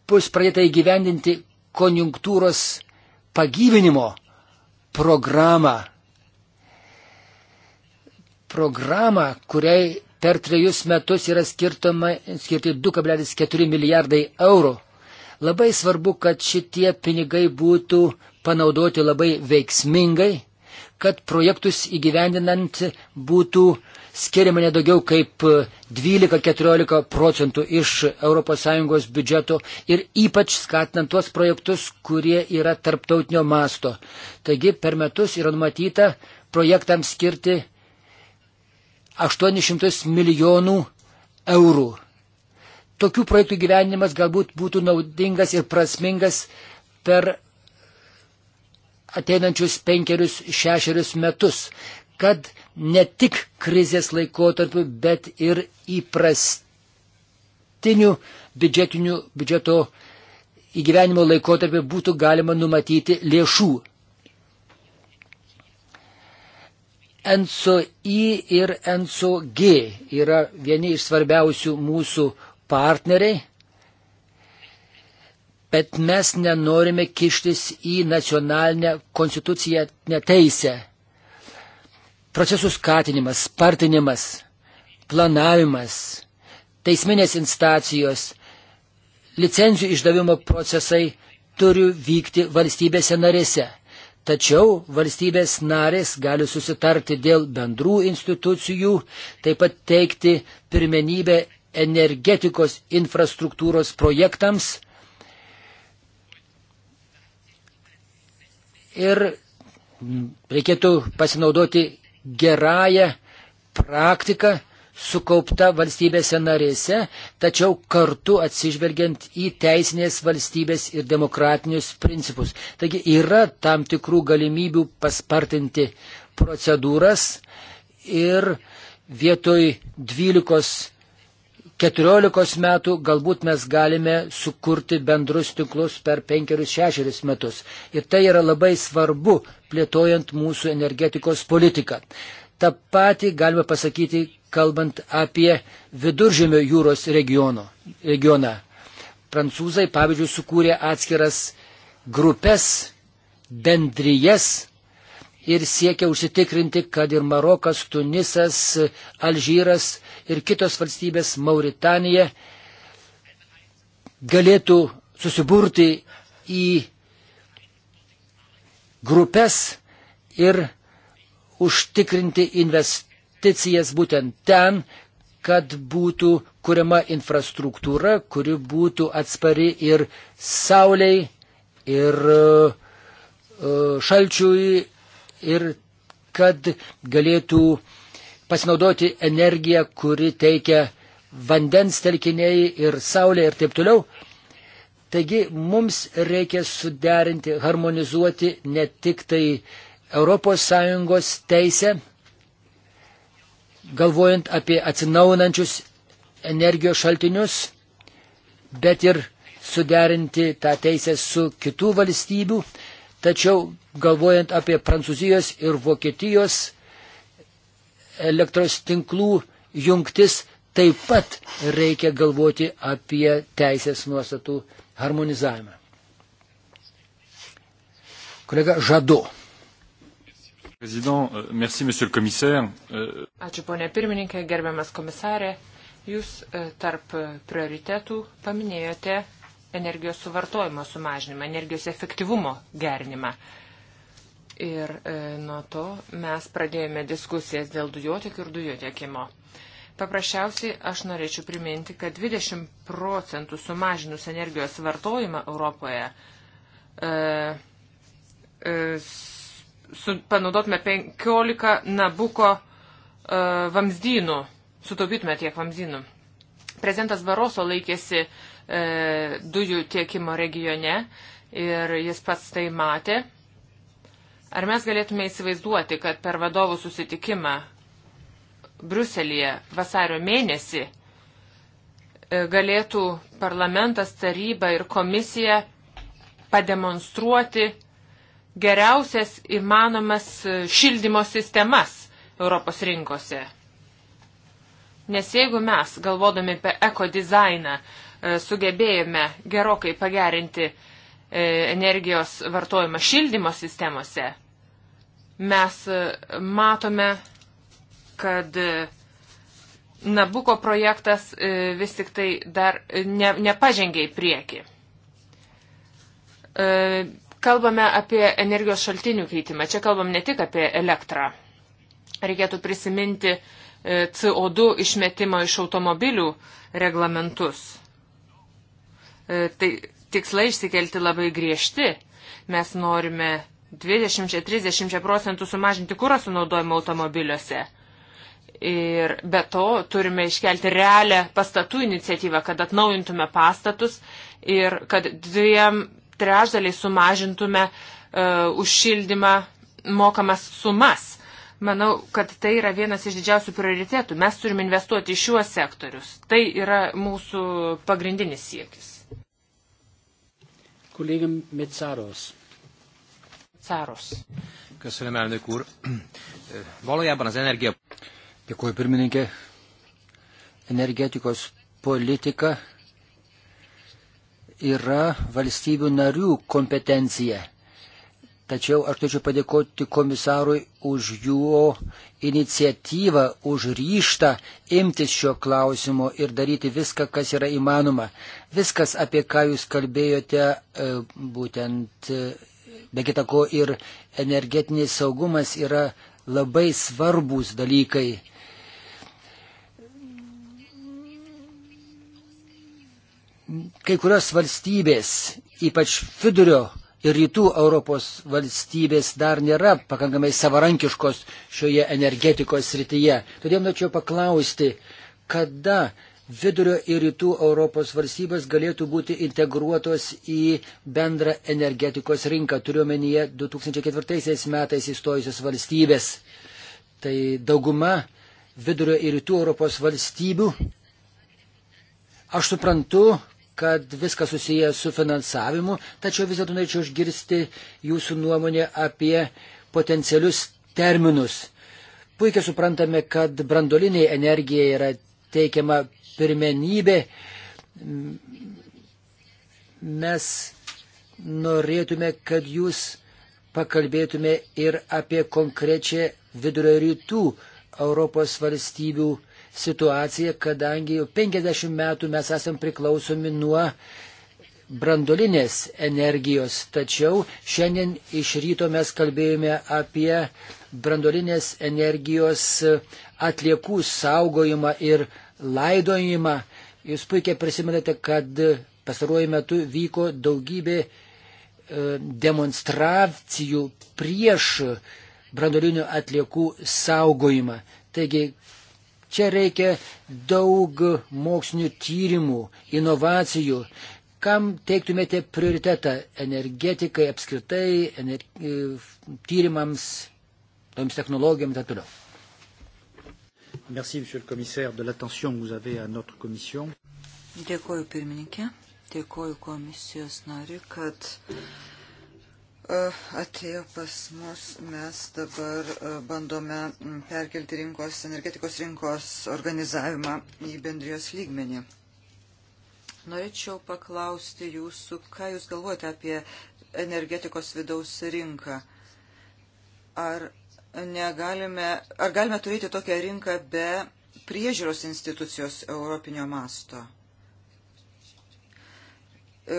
[SPEAKER 1] bus pradėta įgyvendinti konjunktūros pagyvinimo programą, programą, kuriai per trejus metus yra skirtama, skirti 2,4 milijardai eurų. Labai svarbu, kad šitie pinigai būtų panaudoti labai veiksmingai kad projektus įgyvendinant būtų skiriama nedaugiau kaip 12-14 procentų iš ES biudžeto ir ypač skatinant tuos projektus, kurie yra tarptautinio masto. Taigi per metus yra numatyta projektams skirti 800 milijonų eurų. Tokių projektų gyvenimas galbūt būtų naudingas ir prasmingas per ateinančius penkerius, šešerius metus, kad ne tik krizės laikotarpiu, bet ir įprastiniu biudžetiniu biudžeto įgyvenimo laikotarpiu būtų galima numatyti lėšų. ENSO I ir ENSO G yra vieni iš svarbiausių mūsų partneriai bet mes nenorime kištis į nacionalinę konstituciją neteisę. Procesų skatinimas, spartinimas, planavimas, teisminės instacijos, licencijų išdavimo procesai turi vykti valstybėse narėse. Tačiau valstybės narės gali susitarti dėl bendrų institucijų, taip pat teikti pirmenybę energetikos infrastruktūros projektams, ir reikėtų pasinaudoti gerąją praktiką sukaupta valstybėse narėse, tačiau kartu atsižvelgiant į teisinės valstybės ir demokratinius principus. Taigi yra tam tikrų galimybių paspartinti procedūras ir vietoj 12 14 metų galbūt mes galime sukurti bendrus tinklus per 5-6 metus. Ir tai yra labai svarbu plėtojant mūsų energetikos politiką. Ta pati galima pasakyti, kalbant apie viduržėmio jūros regiono, regioną. Prancūzai, pavyzdžiui, sukūrė atskiras grupės, bendrijas ir siekia užsitikrinti, kad ir Marokas, Tunisas, Alžyras ir kitos valstybės, Mauritanija, galėtų susiburti į grupės ir užtikrinti investicijas būtent ten, kad būtų kuriama infrastruktūra, kuri būtų atspari ir sauliai, ir e, e, šalčiui, ir kad galėtų pasinaudoti energiją, kuri teikia vandens telkiniai ir saulė ir taip toliau. Taigi mums reikia suderinti, harmonizuoti ne tik tai ES teisę, galvojant apie atsinaunančius energijos šaltinius, bet ir suderinti tą teisę su kitų valstybių Tačiau galvojant apie Prancūzijos ir Vokietijos elektros tinklų jungtis, taip pat reikia galvoti apie teisės nuostatų harmonizavimą. Kolega Žado.
[SPEAKER 4] Euh, euh,
[SPEAKER 2] Ačiū ponė pirmininkė, gerbiamas komisarė. Jūs euh, tarp prioritetų paminėjote energijos suvartojimo sumažinimą, energijos efektyvumo gerinimą. Ir e, nuo to mes pradėjome diskusijas dėl dujotiekio ir dujotiekimo. Paprasčiausiai aš norėčiau priminti, kad 20 procentų sumažinus energijos vartojimą Europoje e, e, su, panaudotume 15 nabuko e, vamzdynų, sutaupytume tiek vamzdynų. Prezidentas Baroso laikėsi E, dujų tiekimo regione ir jis pats tai matė. Ar mes galėtume įsivaizduoti, kad per vadovų susitikimą Bruselėje vasario mėnesį e, galėtų parlamentas, taryba ir komisija pademonstruoti geriausias įmanomas e, šildymo sistemas Europos rinkose? Nes jeigu mes, galvodami apie ekodizainą, E, sugebėjome gerokai pagerinti e, energijos vartojimą šildymo sistemose, mes e, matome, kad Nabuko projektas vis tik tai dar ne, nepažengė į priekį. Kalbame apie energijos šaltinių keitimą. Čia kalbam ne tik apie elektrą. Reikėtų prisiminti CO2 išmetimo iš automobilių reglamentus. E, tai tikslai išsikelti labai griežti. Mes norime 20-30 procentų sumažinti kūro sunaudojimą automobiliuose. Ir be to turime iškelti realią pastatų iniciatyvą, kad atnaujintume pastatus ir kad dviem trešdaliai sumažintume uh, e, užšildymą mokamas sumas. Manau, kad tai yra vienas iš didžiausių prioritėtų. Mes turime investuoti į šiuos sektorius. Tai yra mūsų pagrindinis siekis. Kollégem Metszáros. Metszáros.
[SPEAKER 4] Köszönöm, elnök úr. Valójában az energia...
[SPEAKER 1] Dėkuoju, pirmininkė. Energetikos politika yra valstybių narių kompetencija. Tačiau aš tačiau padėkoti komisarui už jo iniciatyvą, už ryštą imtis šio klausimo ir daryti viską, kas yra įmanoma. Viskas, apie ką jūs kalbėjote, e, būtent e, be kitako ir energetinis saugumas yra labai svarbus dalykai. Kai kurios valstybės, ypač vidurio ir rytų Europos valstybės dar nėra pakankamai savarankiškos šioje energetikos srityje. Todėl norėčiau paklausti, kada vidurio ir rytų Europos valstybės galėtų būti integruotos į bendrą energetikos rinką, turiuomenyje 2004 metais įstojusios valstybės. Tai dauguma vidurio ir rytų Europos valstybių. Aš suprantu, kad viskas susiję su finansavimu, tačiau vis dėlto norėčiau išgirsti jūsų nuomonę apie potencialius terminus. Puikiai suprantame, kad brandoliniai energija yra teikiama pirmenybė. Mes norėtume, kad jūs pakalbėtume ir apie konkrečią vidurio rytų Europos valstybių situacija, kadangi jau 50 metų mes esam priklausomi nuo brandolinės energijos, tačiau šiandien iš ryto mes kalbėjome apie brandolinės energijos atliekų saugojimą ir laidojimą. Jūs puikiai prisimenate, kad pastaruoju metu vyko daugybė e, demonstracijų prieš brandolinių atliekų saugojimą. Taigi, Čia reikia daug mokslinių tyrimų, inovacijų. Kam teiktumėte prioritetą energetikai apskritai, ener... E, tyrimams, toms technologijoms ir taip toliau?
[SPEAKER 5] Merci, monsieur le commissaire, de l'attention que vous avez à notre commission.
[SPEAKER 3] Dėkoju pirmininkė, dėkoju komisijos nariui, kad uh, atėjo pas mus, mes dabar e, bandome perkelti rinkos, energetikos rinkos organizavimą į bendrijos lygmenį. Norėčiau paklausti jūsų, ką jūs galvojate apie energetikos vidaus rinką. Ar, negalime, ar galime turėti tokią rinką be priežiūros institucijos europinio masto? E,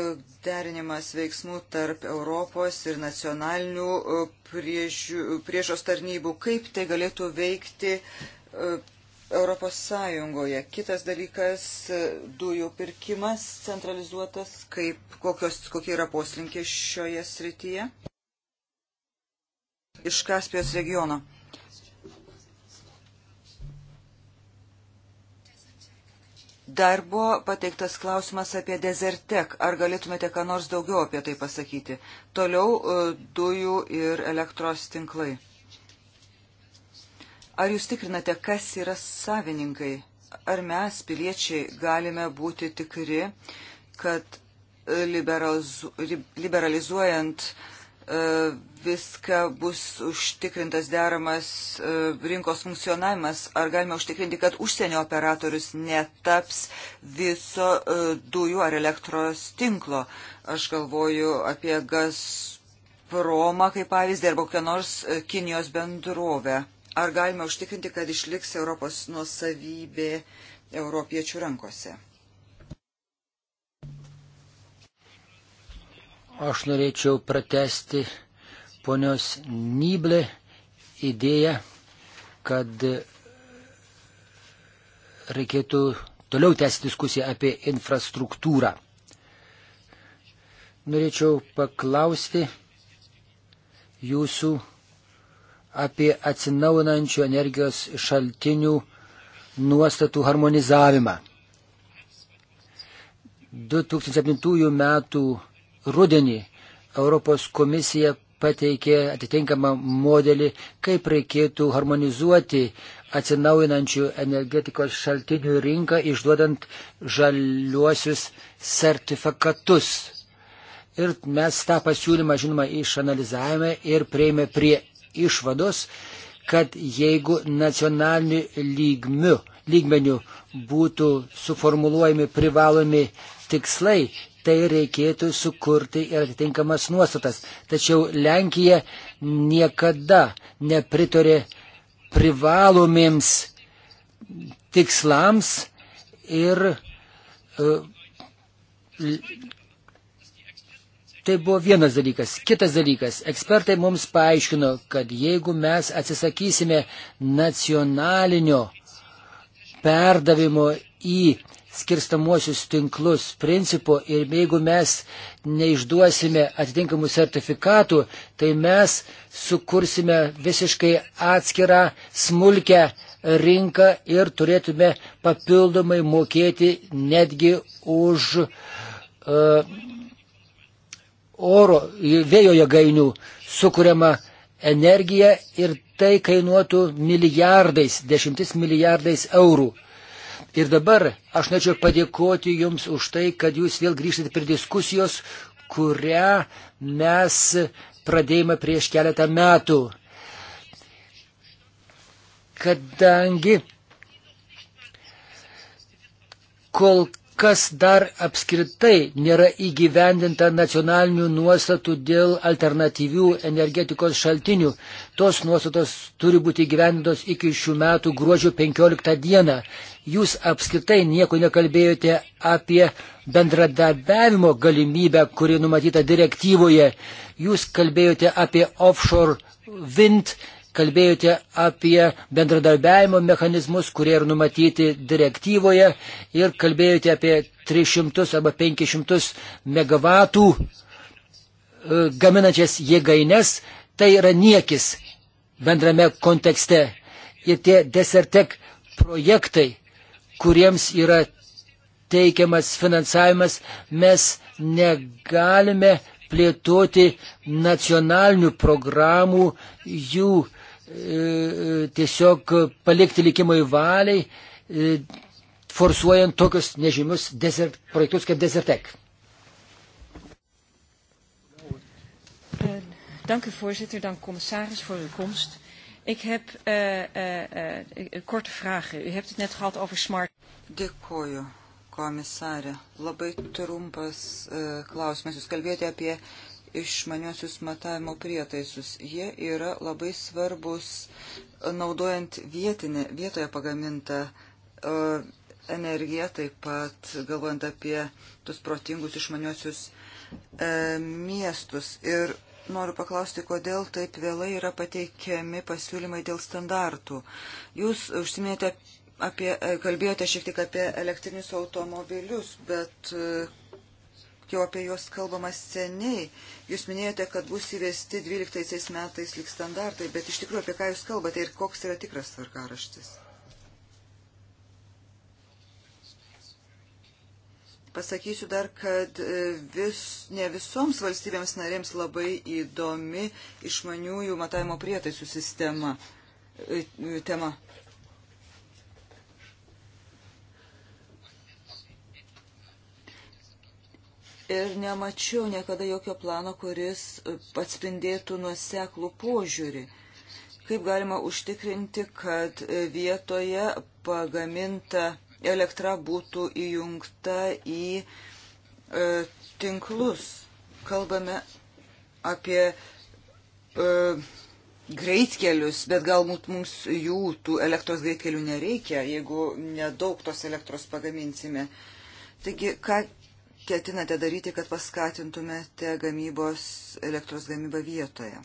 [SPEAKER 3] derinimas veiksmų tarp Europos ir nacionalinių e, priežos tarnybų, kaip tai galėtų veikti e, Europos Sąjungoje. Kitas dalykas - dujų pirkimas centralizuotas, kaip, kokios, kokie yra poslinkiai šioje srityje. Iš Kaspijos regiono. Dar buvo pateiktas klausimas apie Desertek. Ar galėtumėte ką nors daugiau apie tai pasakyti? Toliau e, dujų ir elektros tinklai. Ar jūs tikrinate, kas yra savininkai? Ar mes, piliečiai, galime būti tikri, kad e, liberalizuojant uh, E, viską bus užtikrintas deramas e, rinkos funkcionavimas, ar galime užtikrinti, kad užsienio operatorius netaps viso e, dujų ar elektros tinklo. Aš galvoju apie Gazpromą kaip pavyzdį arba kokią nors Kinijos bendrovę. Ar galime užtikrinti, kad išliks Europos nuosavybė europiečių rankose?
[SPEAKER 1] Aš norėčiau pratesti ponios Nyblė idėją, kad reikėtų toliau tęsti diskusiją apie infrastruktūrą. Norėčiau paklausti jūsų apie atsinaunančių energijos šaltinių nuostatų harmonizavimą. 2007 metų rudenį Europos komisija pateikė atitinkamą modelį, kaip reikėtų harmonizuoti atsinaujinančių energetikos šaltinių rinką, išduodant žaliuosius sertifikatus. Ir mes tą pasiūlymą, žinoma, išanalizavome ir prieimė prie išvados, kad jeigu nacionaliniu lygmiu, lygmeniu būtų suformuluojami privalomi tikslai tai reikėtų sukurti ir atitinkamas nuostatas. Tačiau Lenkija niekada nepritorė privalomiems tikslams ir e, tai buvo vienas dalykas. Kitas dalykas, ekspertai mums paaiškino, kad jeigu mes atsisakysime nacionalinio perdavimo į skirstamuosius tinklus principu ir jeigu mes neišduosime atitinkamų sertifikatų, tai mes sukursime visiškai atskirą smulkę rinką ir turėtume papildomai mokėti netgi už uh, oro vėjo jėgainių sukūriamą energiją ir tai kainuotų milijardais, dešimtis milijardais eurų. Ir dabar aš norėčiau padėkoti Jums už tai, kad Jūs vėl grįžtate prie diskusijos, kurią mes pradėjome prieš keletą metų. Kadangi kol kas dar apskritai nėra įgyvendinta nacionalinių nuostatų dėl alternatyvių energetikos šaltinių. Tos nuostatos turi būti įgyvendintos iki šių metų gruodžio 15 dieną. Jūs apskritai nieko nekalbėjote apie bendradarbiavimo galimybę, kuri numatyta direktyvoje. Jūs kalbėjote apie offshore wind kalbėjote apie bendradarbiavimo mechanizmus, kurie yra numatyti direktyvoje ir kalbėjote apie 300 arba 500 megavatų e, gaminančias jėgaines, tai yra niekis bendrame kontekste. Ir tie desertek projektai, kuriems yra teikiamas finansavimas, mes negalime plėtoti nacionalinių programų, jų E, e, tiesiog palikti likimui valiai, e, forsuojant tokius nežymius desert, projektus kaip Desertek.
[SPEAKER 3] Eh, dank u voorzitter, dank commissaris voor uw komst. Ik heb uh, uh, uh, korte vragen. U hebt het net gehad over smart. Dėkoju, komisarė. Labai trumpas uh, klausimas. Jūs kalbėjote apie išmaniosius matavimo prietaisus. Jie yra labai svarbus naudojant vietinę, vietoje pagamintą e, energiją, taip pat galvojant apie tus protingus išmaniosius e, miestus. Ir noriu paklausti, kodėl taip vėlai yra pateikiami pasiūlymai dėl standartų. Jūs užsiminėte apie, kalbėjote šiek tiek apie elektrinius automobilius, bet e, jau apie juos kalbama seniai. Jūs minėjote, kad bus įvesti 12 metais lik standartai, bet iš tikrųjų apie ką jūs kalbate ir koks yra tikras tvarkaraštis? Pasakysiu dar, kad e, vis, ne visoms valstybėms narėms labai įdomi išmaniųjų matavimo prietaisų sistema e, tema. ir nemačiau niekada jokio plano, kuris atspindėtų nuoseklų požiūrį. Kaip galima užtikrinti, kad vietoje pagaminta elektra būtų įjungta į e, tinklus. Kalbame apie e, greitkelius, bet galbūt mums jų, tų elektros greitkelių nereikia, jeigu nedaug tos elektros pagaminsime. Taigi, ką ketinate daryti, kad paskatintumėte gamybos, elektros gamybą vietoje?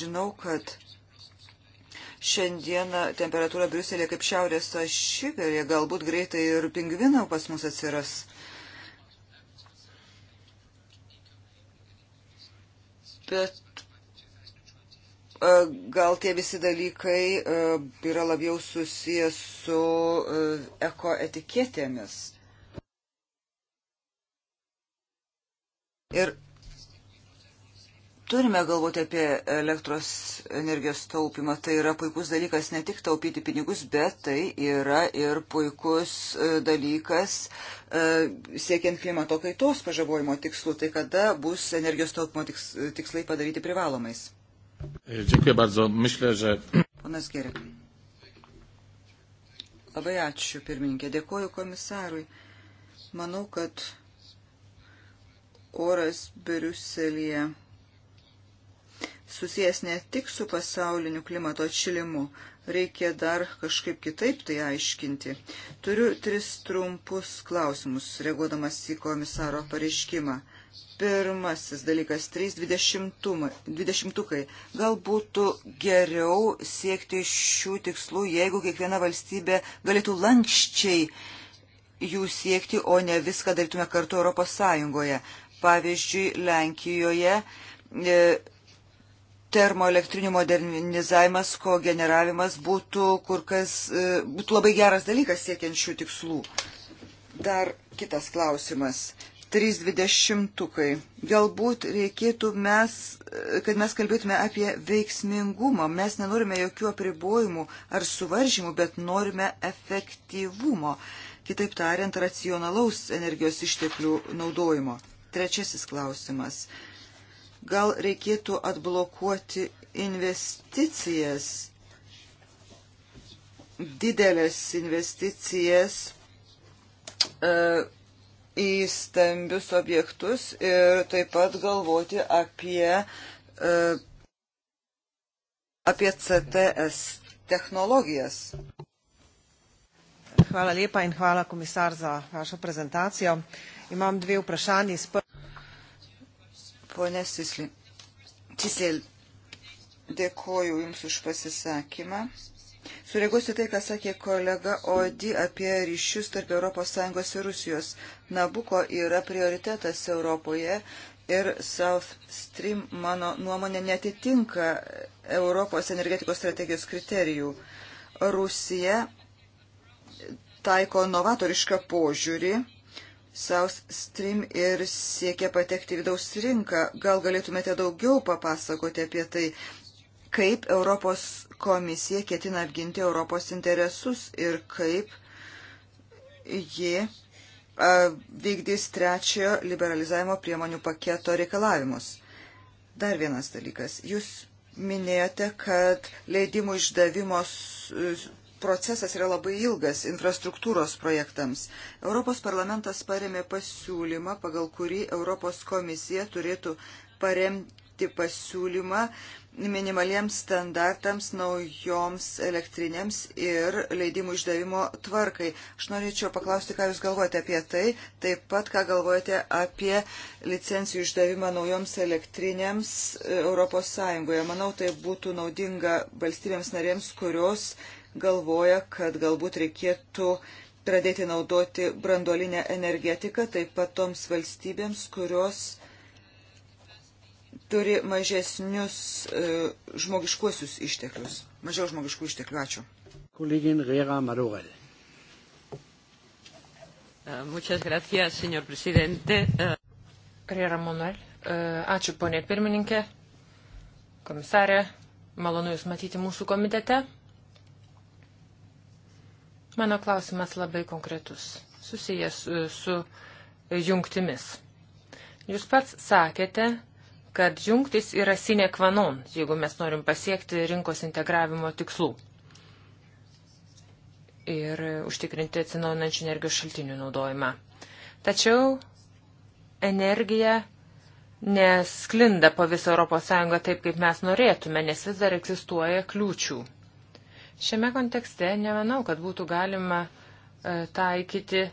[SPEAKER 3] Žinau, kad šiandieną temperatūra Briuselėje kaip šiaurės ašigalė, galbūt greitai ir pingvinau pas mus atsiras. Bet E, gal tie visi dalykai e, yra labiau susijęs su e, ekoetiketėmis. Ir turime galvoti apie elektros energijos taupimą. Tai yra puikus dalykas ne tik taupyti pinigus, bet tai yra ir puikus dalykas siekiant klimato kaitos pažabojimo tikslų. Tai kada bus energijos taupimo tikslai padaryti privalomais?
[SPEAKER 4] E, dziękuję bardzo. Myślę, że.
[SPEAKER 3] Ponas Gerė. Labai ačiū, pirmininkė. Dėkuoju komisarui. Manau, kad oras Briuselėje susijęs ne tik su pasauliniu klimato atšilimu, reikia dar kažkaip kitaip tai aiškinti. Turiu tris trumpus klausimus, reaguodamas į komisaro pareiškimą. Pirmasis dalykas - 3.20-tukai. Gal būtų geriau siekti šių tikslų, jeigu kiekviena valstybė galėtų lankščiai jų siekti, o ne viską darytume kartu Europos Sąjungoje. Pavyzdžiui, Lenkijoje e, termoelektrinių modernizavimas, ko generavimas būtų, kur kas, e, būtų labai geras dalykas siekiant šių tikslų. Dar kitas klausimas trys dvidešimtukai. Galbūt reikėtų mes, kad mes kalbėtume apie veiksmingumą. Mes nenorime jokių apribojimų ar suvaržymų, bet norime efektyvumo. Kitaip tariant, racionalaus energijos išteklių naudojimo. Trečiasis klausimas. Gal reikėtų atblokuoti investicijas, didelės investicijas, e, į stambius objektus ir taip pat galvoti apie, e, apie CTS tehnologijas. Hvala lepa in hvala komisar za vašo prezentacijo. Imam dve vprašanji. Pone Sisli, Čisel, dėkoju Jums už pasisakymą. Sureaguosiu tai, ką sakė kolega Odi apie ryšius tarp ES ir Rusijos. Nabuko yra prioritetas Europoje ir South Stream, mano nuomonė, netitinka Europos energetikos strategijos kriterijų. Rusija taiko novatorišką požiūrį South Stream ir siekia patekti vidaus rinką. Gal galėtumėte daugiau papasakoti apie tai, kaip Europos komisija ketina apginti Europos interesus ir kaip ji vykdys trečiojo liberalizavimo priemonių paketo reikalavimus. Dar vienas dalykas. Jūs minėjote, kad leidimų išdavimo procesas yra labai ilgas infrastruktūros projektams. Europos parlamentas paremė pasiūlymą, pagal kurį Europos komisija turėtų paremti pasiūlymą minimaliems standartams naujoms elektrinėms ir leidimų išdavimo tvarkai. Aš norėčiau paklausti, ką Jūs galvojate apie tai, taip pat ką galvojate apie licencijų išdavimą naujoms elektrinėms ES. Manau, tai būtų naudinga valstybėms narėms, kurios galvoja, kad galbūt reikėtų pradėti naudoti brandolinę energetiką, taip pat toms valstybėms, kurios turi mažesnius e, žmogiškuosius išteklius, mažiau žmogiškų išteklių. Ačiū. Kolegin
[SPEAKER 4] Rera Madurel.
[SPEAKER 3] E, muchas gracias, señor
[SPEAKER 2] presidente. E, Rera Manuel. Ačiū, ponė pirmininkė. Komisarė, malonu Jūs matyti mūsų komitete. Mano klausimas labai konkretus, susijęs su jungtimis. Jūs pats sakėte, kad jungtis yra sine kvanon, jeigu mes norim pasiekti rinkos integravimo tikslų ir užtikrinti atsinaujinančių energijos šaltinių naudojimą. Tačiau energija nesklinda po visą ES taip, kaip mes norėtume, nes vis dar egzistuoja kliūčių. Šiame kontekste nemanau, kad būtų galima e, taikyti e,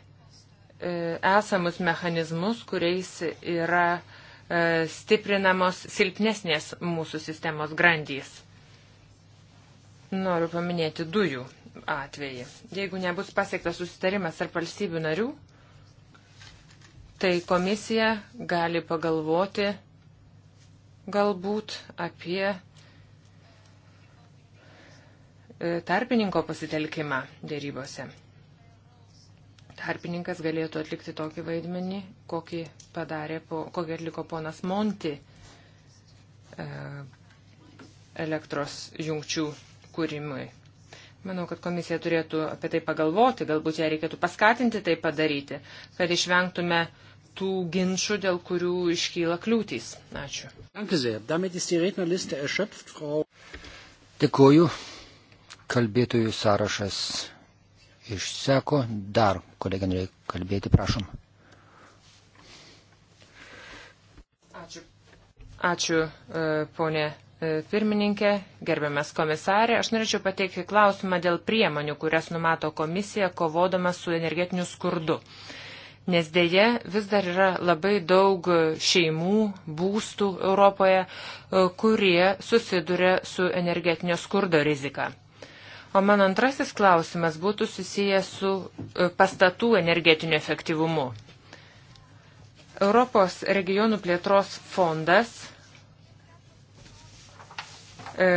[SPEAKER 2] esamus mechanizmus, kuriais yra e, E, stiprinamos silpnesnės mūsų sistemos grandys. Noriu paminėti dujų atvejį. Jeigu nebus pasiektas susitarimas ar valstybių narių, tai komisija gali pagalvoti galbūt apie e, tarpininko pasitelkimą dėrybose tarpininkas galėtų atlikti tokį vaidmenį, kokį, padarė, po, kokį atliko ponas Monti e, elektros jungčių kūrimui. Manau, kad komisija turėtų apie tai pagalvoti, galbūt ją reikėtų paskatinti tai padaryti, kad išvengtume tų ginčių, dėl kurių iškyla kliūtys. Ačiū.
[SPEAKER 1] Dėkuoju. Kalbėtojų sąrašas išseko. Dar kolegė norėjo kalbėti, prašom.
[SPEAKER 2] Ačiū. Ačiū, e, ponė e, pirmininkė, gerbiamas komisarė. Aš norėčiau pateikti klausimą dėl priemonių, kurias numato komisija kovodama su energetiniu skurdu. Nes dėje vis dar yra labai daug šeimų, būstų Europoje, e, kurie susiduria su energetinio skurdo rizika. O mano antrasis klausimas būtų susijęs su e, pastatų energetiniu efektyvumu. Europos regionų plėtros fondas e,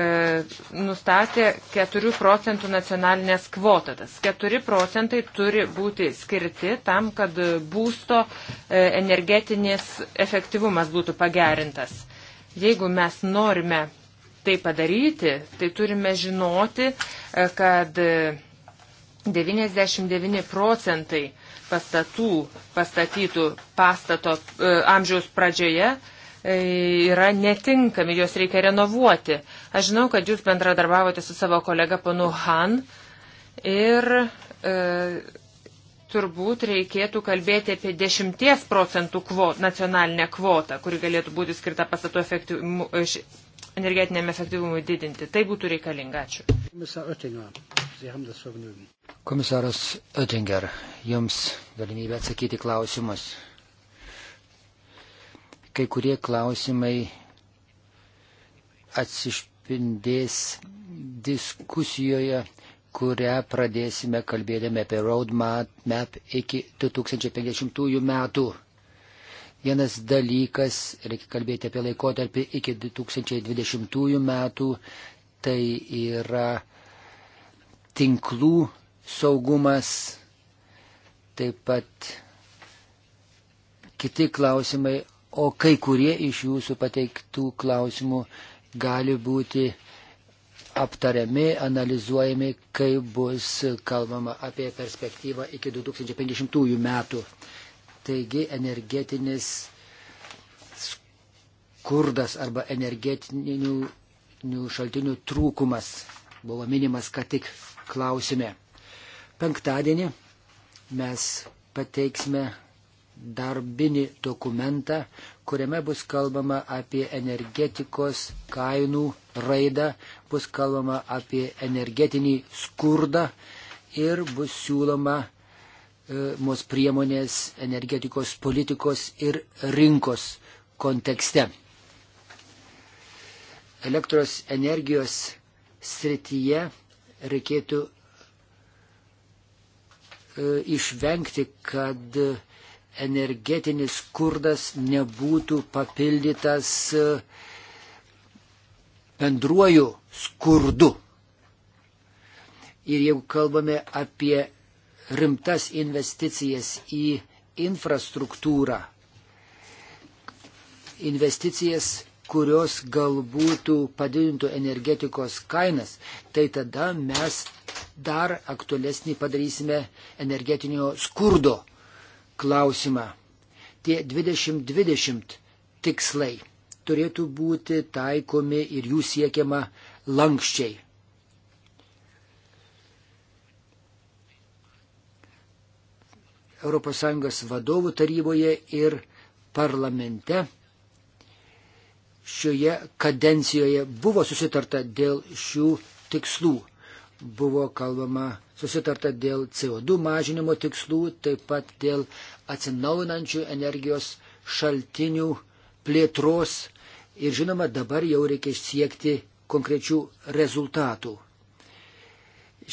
[SPEAKER 2] nustatė 4 procentų nacionalinės kvotas. 4 procentai turi būti skirti tam, kad būsto e, energetinis efektyvumas būtų pagerintas. Jeigu mes norime tai padaryti, tai turime žinoti, e, kad 99 e, procentai pastatų pastatytų pastato e, amžiaus pradžioje yra netinkami, juos reikia renovuoti. Aš žinau, kad jūs bendradarbavote su savo kolega panu Han ir e, turbūt reikėtų kalbėti apie 10 procentų kvot, nacionalinę kvotą, kuri galėtų būti skirta pastatų efektyvumui energetiniam efektyvumui didinti. Tai būtų reikalinga.
[SPEAKER 4] Ačiū.
[SPEAKER 1] Komisaras Oettinger, jums galimybė atsakyti klausimus. Kai kurie klausimai atsispindės diskusijoje, kurią pradėsime kalbėdami apie roadmap iki 2050 metų. Vienas dalykas, reikia kalbėti apie laikotarpį iki 2020 metų, tai yra tinklų saugumas, taip pat kiti klausimai, o kai kurie iš jūsų pateiktų klausimų gali būti aptariami, analizuojami, kai bus kalbama apie perspektyvą iki 2050 metų. Taigi energetinis skurdas arba energetinių šaltinių trūkumas buvo minimas ką tik klausime. Penktadienį mes pateiksime darbinį dokumentą, kuriame bus kalbama apie energetikos kainų raidą, bus kalbama apie energetinį skurdą ir bus siūloma E, mūsų priemonės energetikos politikos ir rinkos kontekste. Elektros energijos srityje reikėtų e, išvengti, kad energetinis skurdas nebūtų papildytas e, bendruoju skurdu. Ir jeigu kalbame apie rimtas investicijas į infrastruktūrą. Investicijas, kurios galbūt padidintų energetikos kainas, tai tada mes dar aktualesnį padarysime energetinio skurdo klausimą. Tie 2020 tikslai turėtų būti taikomi ir jų siekiama lankščiai. ES vadovų taryboje ir parlamente šioje kadencijoje buvo susitarta dėl šių tikslų. Buvo kalbama susitarta dėl CO2 mažinimo tikslų, taip pat dėl atsinaujinančių energijos šaltinių plėtros ir žinoma dabar jau reikia siekti konkrečių rezultatų.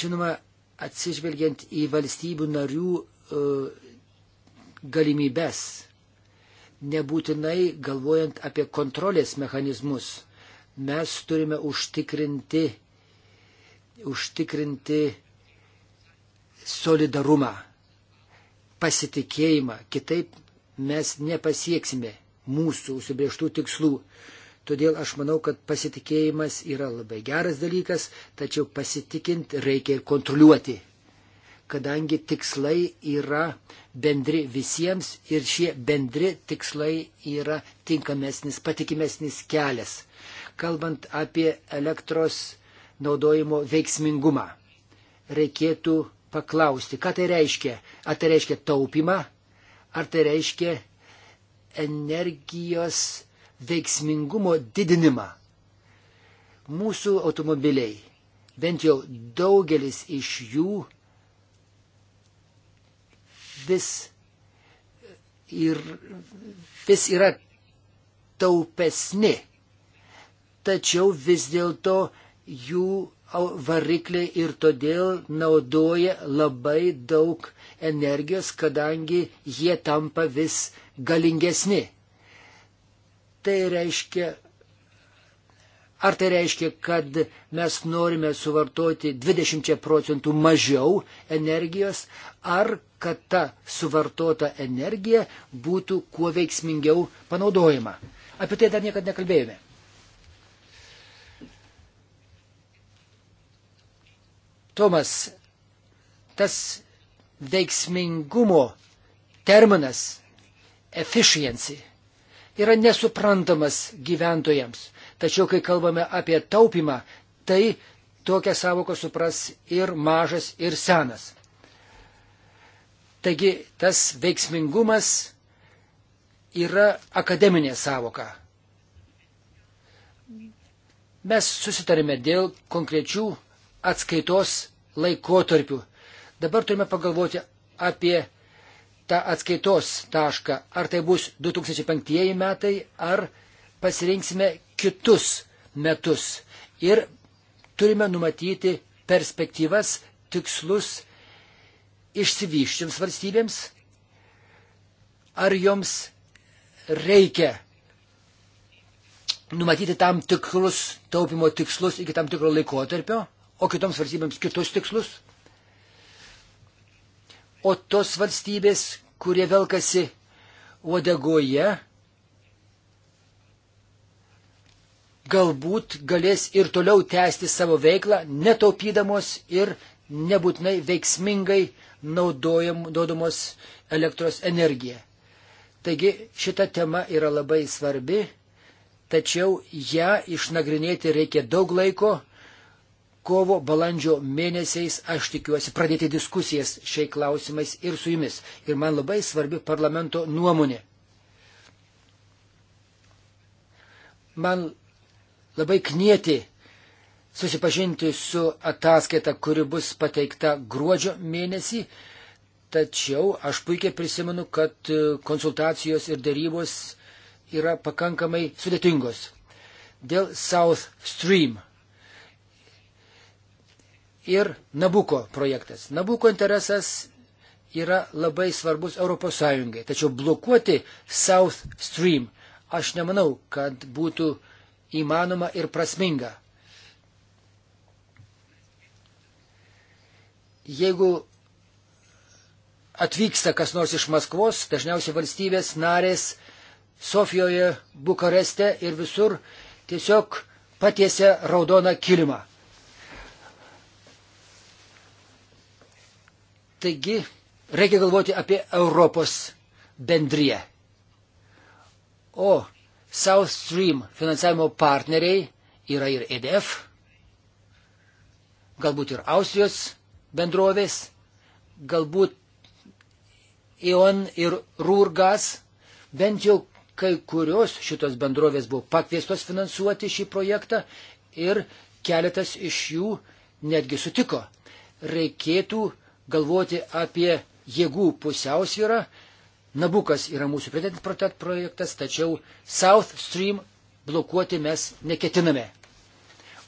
[SPEAKER 1] Žinoma, atsižvelgiant į valstybių narių E, galimybes, nebūtinai galvojant apie kontrolės mechanizmus. Mes turime užtikrinti, užtikrinti solidarumą, pasitikėjimą, kitaip mes nepasieksime mūsų užsibrieštų tikslų. Todėl aš manau, kad pasitikėjimas yra labai geras dalykas, tačiau pasitikint reikia ir kontroliuoti kadangi tikslai yra bendri visiems ir šie bendri tikslai yra tinkamesnis, patikimesnis kelias, kalbant apie elektros naudojimo veiksmingumą. Reikėtų paklausti, ką tai reiškia. Ar tai reiškia taupimą, ar tai reiškia energijos veiksmingumo didinimą. Mūsų automobiliai, bent jau daugelis iš jų vis, ir, vis yra taupesni, tačiau vis dėlto jų varikliai ir todėl naudoja labai daug energijos, kadangi jie tampa vis galingesni. Tai reiškia, Ar tai reiškia, kad mes norime suvartoti 20 procentų mažiau energijos, ar kad ta suvartota energija būtų kuo veiksmingiau panaudojama? Apie tai dar niekada nekalbėjome. Tomas, tas veiksmingumo terminas efficiency yra nesuprantamas gyventojams Tačiau, kai kalbame apie taupimą, tai tokią savoką supras ir mažas, ir senas. Taigi tas veiksmingumas yra akademinė savoka. Mes susitarėme dėl konkrečių atskaitos laikotarpių. Dabar turime pagalvoti apie tą atskaitos tašką. Ar tai bus 2005 metai, ar pasirinksime kitus metus ir turime numatyti perspektyvas, tikslus išsivyščiams valstybėms, ar joms reikia numatyti tam tikrus taupimo tikslus iki tam tikro laikotarpio, o kitoms valstybėms kitus tikslus. O tos valstybės, kurie velkasi uodegoje, galbūt galės ir toliau tęsti savo veiklą, netaupydamos ir nebūtinai veiksmingai naudodamos elektros energiją. Taigi šita tema yra labai svarbi, tačiau ją išnagrinėti reikia daug laiko. Kovo, balandžio mėnesiais aš tikiuosi pradėti diskusijas šiai klausimais ir su jumis. Ir man labai svarbi parlamento nuomonė. Man labai knieti susipažinti su ataskaita, kuri bus pateikta gruodžio mėnesį, tačiau aš puikiai prisimenu, kad e, konsultacijos ir darybos yra pakankamai sudėtingos. Dėl South Stream ir Nabuko projektas. Nabuko interesas yra labai svarbus ES, tačiau blokuoti South Stream aš nemanau, kad būtų įmanoma ir prasminga. Jeigu atvyksta kas nors iš Maskvos, dažniausiai valstybės narės Sofijoje, Bukareste ir visur tiesiog patiesia raudoną kilimą. Taigi, reikia galvoti apie Europos bendriją. O South Stream finansavimo partneriai yra ir EDF, galbūt ir Austrijos bendrovės, galbūt EON ir Rūrgas, bent jau kai kurios šitos bendrovės buvo pakviestos finansuoti šį projektą ir keletas iš jų netgi sutiko. Reikėtų galvoti apie jėgų pusiausvyrą Nabukas yra mūsų prioritetas projektas, tačiau South Stream blokuoti mes neketiname.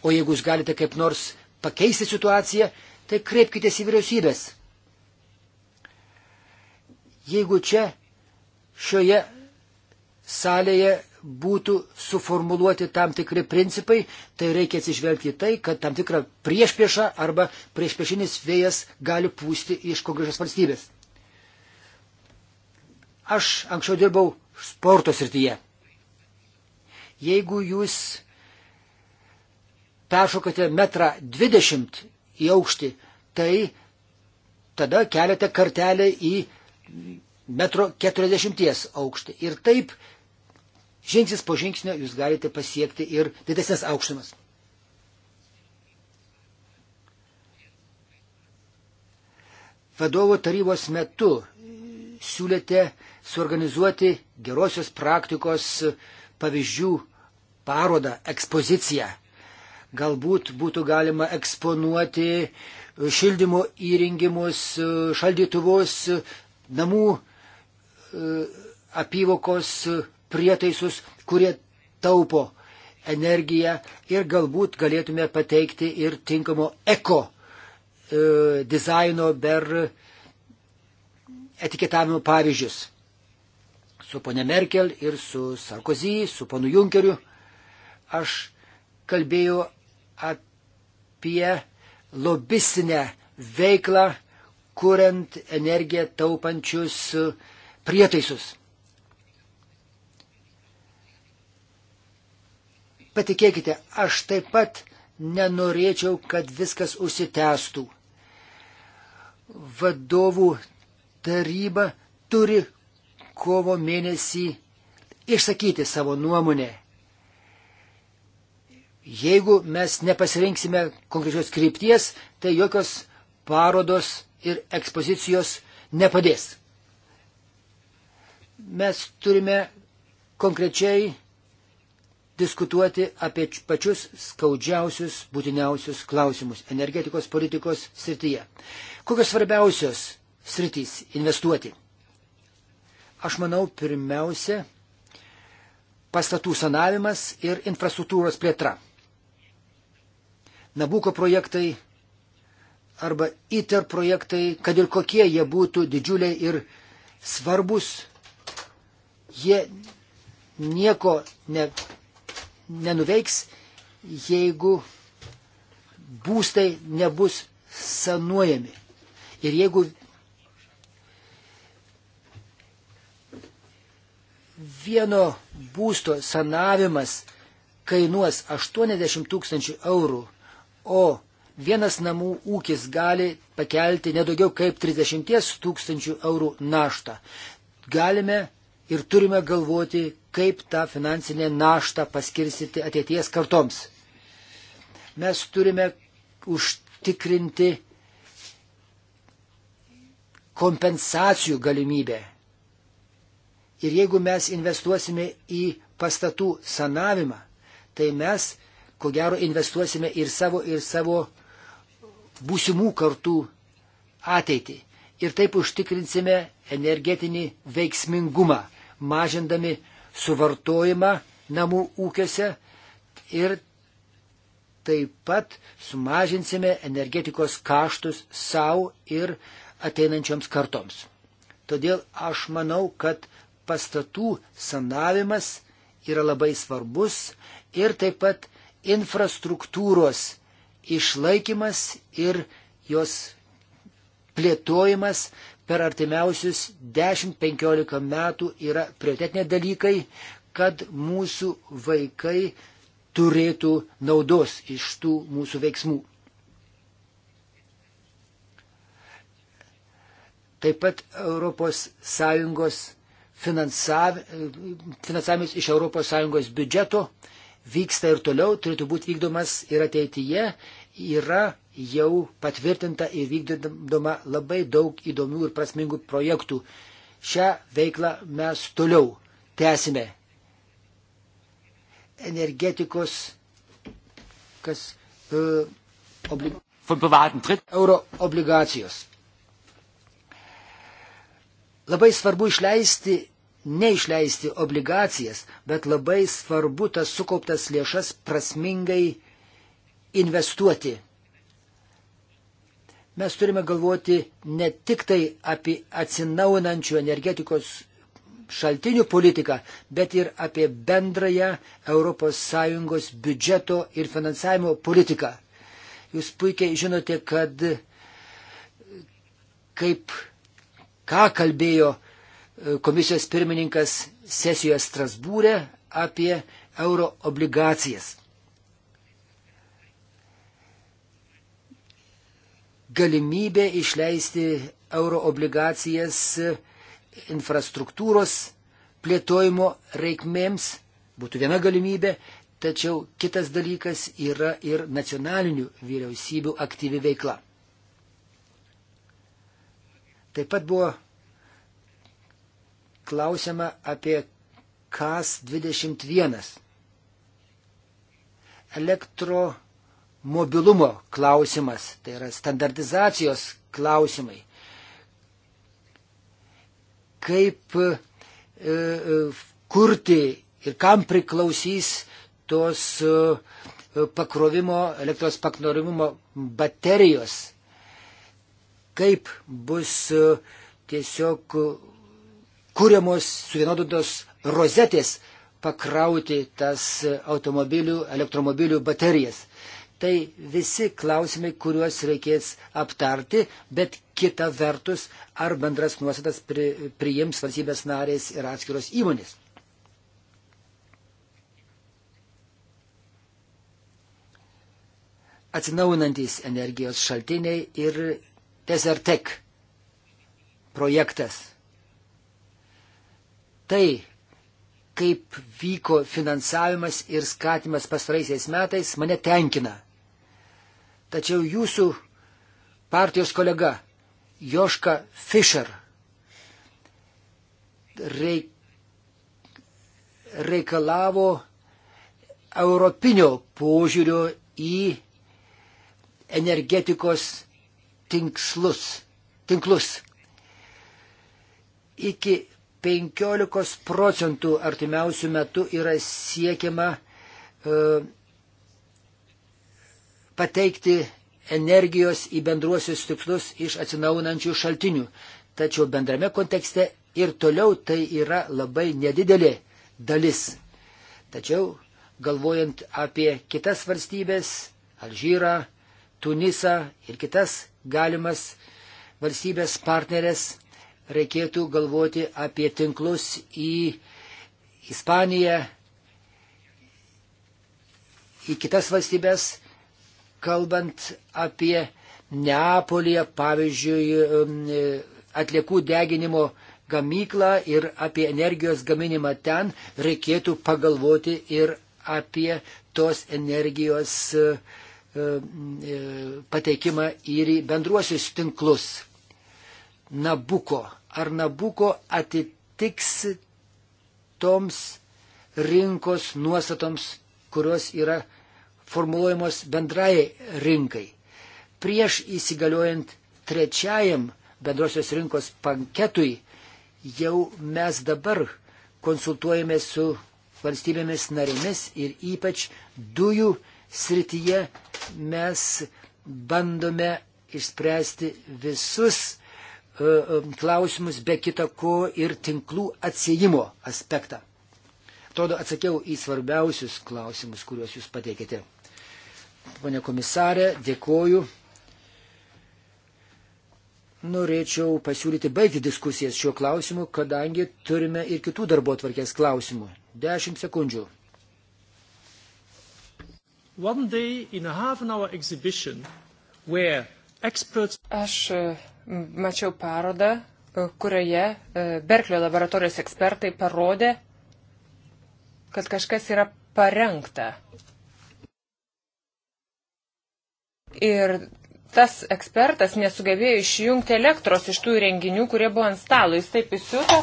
[SPEAKER 1] O jeigu jūs galite kaip nors pakeisti situaciją, tai kreipkitės į vyriausybės. Jeigu čia šioje salėje būtų suformuluoti tam tikri principai, tai reikia atsižvelgti į tai, kad tam tikrą priešpriešą arba priešpriešinis vėjas gali pūsti iš konkrečios valstybės. Aš anksčiau dirbau sporto srityje. Jeigu jūs peršokate metrą 20 į aukštį, tai tada keliate kartelę į metro 40 aukštį. Ir taip žingsnis po žingsnio jūs galite pasiekti ir didesnės aukštumas. Vadovo tarybos metu siūlėte suorganizuoti gerosios praktikos pavyzdžių parodą, ekspoziciją. Galbūt būtų galima eksponuoti šildymo įrengimus, šaldytuvus, namų e, apyvokos prietaisus, kurie taupo energiją ir galbūt galėtume pateikti ir tinkamo eko e, dizaino ber etiketavimo pavyzdžius su ponė Merkel ir su Sarkozy, su ponu Junkeriu. Aš kalbėjau apie lobistinę veiklą, kuriant energiją taupančius prietaisus. Patikėkite, aš taip pat nenorėčiau, kad viskas užsitęstų. Vadovų taryba turi kovo mėnesį išsakyti savo nuomonę. Jeigu mes nepasirinksime konkrečios krypties, tai jokios parodos ir ekspozicijos nepadės. Mes turime konkrečiai diskutuoti apie pačius skaudžiausius, būtiniausius klausimus energetikos politikos srityje. Kokios svarbiausios sritys investuoti? Aš manau, pirmiausia, pastatų sanavimas ir infrastruktūros plėtra. Nabuko projektai arba ITER projektai, kad ir kokie jie būtų didžiuliai ir svarbus, jie nieko ne, nenuveiks, jeigu būstai nebus sanuojami. Ir jeigu vieno būsto sanavimas kainuos 80 tūkstančių eurų, o vienas namų ūkis gali pakelti nedaugiau kaip 30 tūkstančių eurų naštą. Galime ir turime galvoti, kaip tą finansinę naštą paskirsyti ateities kartoms. Mes turime užtikrinti kompensacijų galimybę. Ir jeigu mes investuosime į pastatų sanavimą, tai mes, ko gero, investuosime ir savo, ir savo būsimų kartų ateitį. Ir taip užtikrinsime energetinį veiksmingumą, mažindami suvartojimą namų ūkiuose ir taip pat sumažinsime energetikos kaštus savo ir ateinančioms kartoms. Todėl aš manau, kad pastatų sanavimas yra labai svarbus ir taip pat infrastruktūros išlaikimas ir jos plėtojimas per artimiausius 10-15 metų yra prioritetiniai dalykai, kad mūsų vaikai turėtų naudos iš tų mūsų veiksmų. Taip pat ES finansavimas iš ES biudžeto vyksta ir toliau, turėtų būti vykdomas ir ateityje, yra jau patvirtinta ir vykdoma labai daug įdomių ir prasmingų projektų. Šią veiklą mes toliau tęsime. Energetikos, kas, e, obli... euro obligacijos. Labai svarbu išleisti, neišleisti obligacijas, bet labai svarbu tas sukauptas lėšas prasmingai investuoti. Mes turime galvoti ne tik tai apie atsinaunančių energetikos šaltinių politiką, bet ir apie bendrąją ES biudžeto ir finansavimo politiką. Jūs puikiai žinote, kad kaip ką kalbėjo e, komisijos pirmininkas sesijoje Strasbūrė apie euro obligacijas. Galimybė išleisti euro obligacijas e, infrastruktūros plėtojimo reikmėms būtų viena galimybė, tačiau kitas dalykas yra ir nacionalinių vyriausybių aktyvi veikla. Taip pat buvo klausima apie KAS 21 elektromobilumo klausimas, tai yra standartizacijos klausimai. Kaip e, e kurti ir kam priklausys tos e, pakrovimo, elektros pakrovimo baterijos kaip bus e, tiesiog e, kūriamos suvienodintos rozetės pakrauti tas automobilių, elektromobilių baterijas. Tai visi klausimai, kuriuos reikės aptarti, bet kita vertus, ar bendras nuostatas pri, priims valstybės narės ir atskiros įmonės. Atsinaujinantis energijos šaltiniai ir Desertek projektas. Tai, kaip vyko finansavimas ir skatimas pastaraisiais metais, mane tenkina. Tačiau jūsų partijos kolega Joška Fischer reikalavo europinio požiūrio į energetikos tinkslus. tinklus. Iki 15 procentų artimiausių metų yra siekiama e, pateikti energijos į bendruosius tikslus iš atsinaunančių šaltinių. Tačiau bendrame kontekste ir toliau tai yra labai nedidelė dalis. Tačiau galvojant apie kitas valstybės, Alžyrą, Tunisą ir kitas galimas valstybės partnerės, reikėtų galvoti apie tinklus į Ispaniją, į kitas valstybės, kalbant apie Neapolyje, pavyzdžiui, um, atliekų deginimo gamyklą ir apie energijos gaminimą ten, reikėtų pagalvoti ir apie tos energijos uh, E, e, pateikimą ir į bendruosius tinklus. Nabuko. Ar Nabuko atitiks toms rinkos nuostatoms, kurios yra formuluojamos bendrai rinkai. Prieš įsigaliojant trečiajam bendrosios rinkos panketui jau mes dabar konsultuojame su valstybėmis narėmis ir ypač dujų srityje mes bandome išspręsti visus e, e, klausimus, be kita ko ir tinklų atsijimo aspektą. Atrodo, atsakiau į svarbiausius klausimus, kuriuos jūs pateikėte. Pane komisarė, dėkoju. Norėčiau pasiūlyti baigti diskusijas šiuo klausimu, kadangi turime ir kitų darbo tvarkės klausimų. Dešimt sekundžių
[SPEAKER 4] one day
[SPEAKER 2] in a half an hour exhibition where experts. Aš e, mačiau parodą, e, kurioje e, Berklio laboratorijos ekspertai parodė, kad kažkas yra parengta. Ir tas ekspertas nesugebėjo išjungti elektros iš tų renginių, kurie buvo ant stalo. Jis taip įsiuto,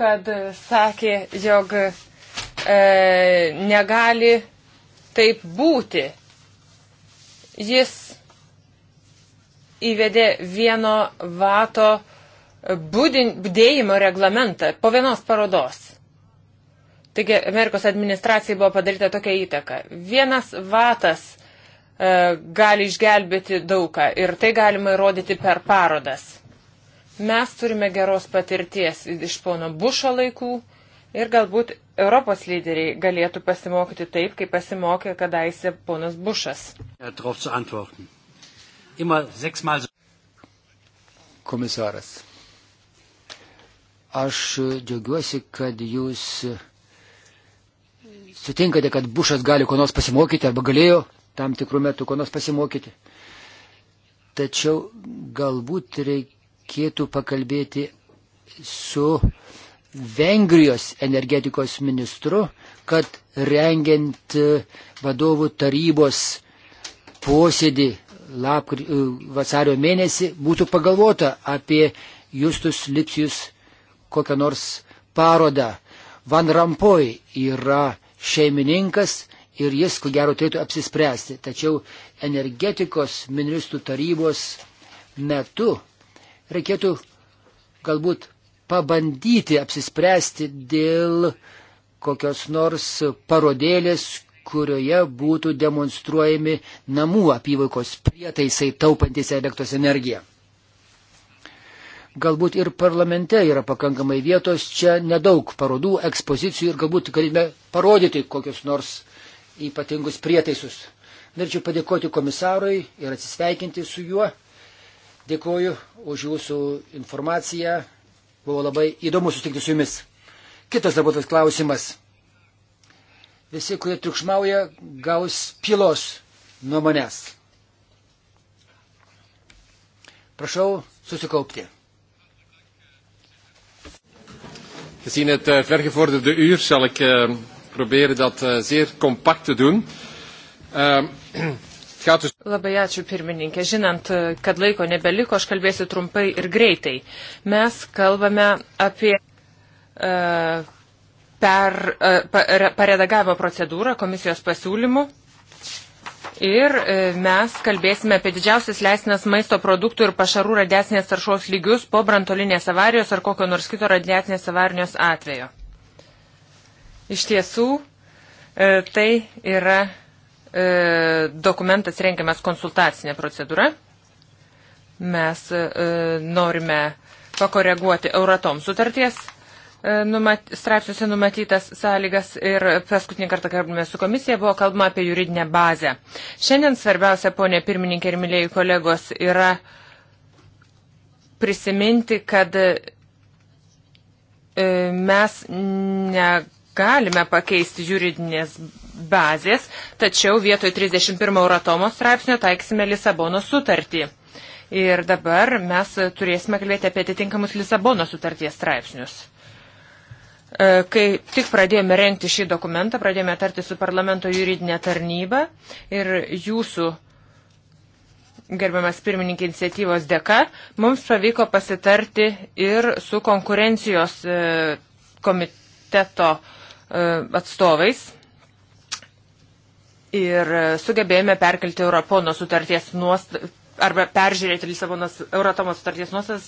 [SPEAKER 2] kad sakė, jog e, negali taip būti. Jis įvedė vieno vato būdin, būdėjimo reglamentą po vienos parodos. Taigi Amerikos administracijai buvo padaryta tokia įtaka. Vienas vatas e, gali išgelbėti daugą ir tai galima įrodyti per parodas. Mes turime geros patirties iš pono Bušo laikų, Ir galbūt Europos lyderiai galėtų pasimokyti taip, kaip pasimokė kadaise ponas Bušas.
[SPEAKER 4] Er
[SPEAKER 1] Komisaras, aš džiaugiuosi, kad jūs sutinkate, kad Bušas gali ko nors pasimokyti arba galėjo tam tikrų metų ko nors pasimokyti. Tačiau galbūt reikėtų pakalbėti su uh, Vengrijos energetikos ministru, kad rengiant e, vadovų tarybos posėdį lapkri, e, vasario mėnesį būtų pagalvota apie Justus Lipsius kokią nors parodą. Van Rampoj yra šeimininkas ir jis, ko gero, turėtų apsispręsti. Tačiau energetikos ministrų tarybos metu reikėtų galbūt pabandyti apsispręsti dėl kokios nors parodėlės, kurioje būtų demonstruojami namų apyvokos prietaisai taupantis elektros energiją. Galbūt ir parlamente yra pakankamai vietos, čia nedaug parodų, ekspozicijų ir galbūt galime parodyti kokius nors ypatingus prietaisus. Norėčiau padėkoti komisarui ir atsisveikinti su juo. Dėkoju už jūsų informaciją, Buvo labai įdomu susitikti su jumis. Kitas darbuotojas klausimas. Visi, kurie triukšmauja, gaus pilos nuo manęs. Prašau susikaupti.
[SPEAKER 4] Gezien het uh, vergevorderde uur zal ik uh, proberen dat uh, zeer compact te doen. Uh,
[SPEAKER 2] Labai ačiū pirmininkė. Žinant, kad laiko nebeliko, aš kalbėsiu trumpai ir greitai. Mes kalbame apie uh, per, uh, pa, re, paredagavimo procedūrą komisijos pasiūlymų. Ir e, mes kalbėsime apie didžiausias leisinas maisto produktų ir pašarų radiacinės taršos lygius po brantolinės avarijos ar kokio nors kito radiacinės avarijos atvejo. Iš tiesų, tai yra E, dokumentas rengiamas konsultacinė procedūra. Mes e, norime pakoreguoti Euratom sutarties e, numat, straipsniuose numatytas sąlygas ir paskutinį kartą kalbame su komisija, buvo kalbama apie juridinę bazę. Šiandien svarbiausia, ponė pirmininkė ir mylėjai kolegos, yra prisiminti, kad mes negalime pakeisti juridinės bazės, tačiau vietoj 31 Euratomo straipsnio taiksime Lisabono sutartį. Ir dabar mes turėsime kalbėti apie atitinkamus Lisabono sutarties straipsnius. E, kai tik pradėjome renkti šį dokumentą, pradėjome tarti su parlamento juridinė tarnyba ir jūsų gerbiamas pirmininkė iniciatyvos dėka, mums pavyko pasitarti ir su konkurencijos e, komiteto e, atstovais ir sugebėjome perkelti Europono sutarties nuostatas arba peržiūrėti Lisabonos, Euratomo sutarties nuostas,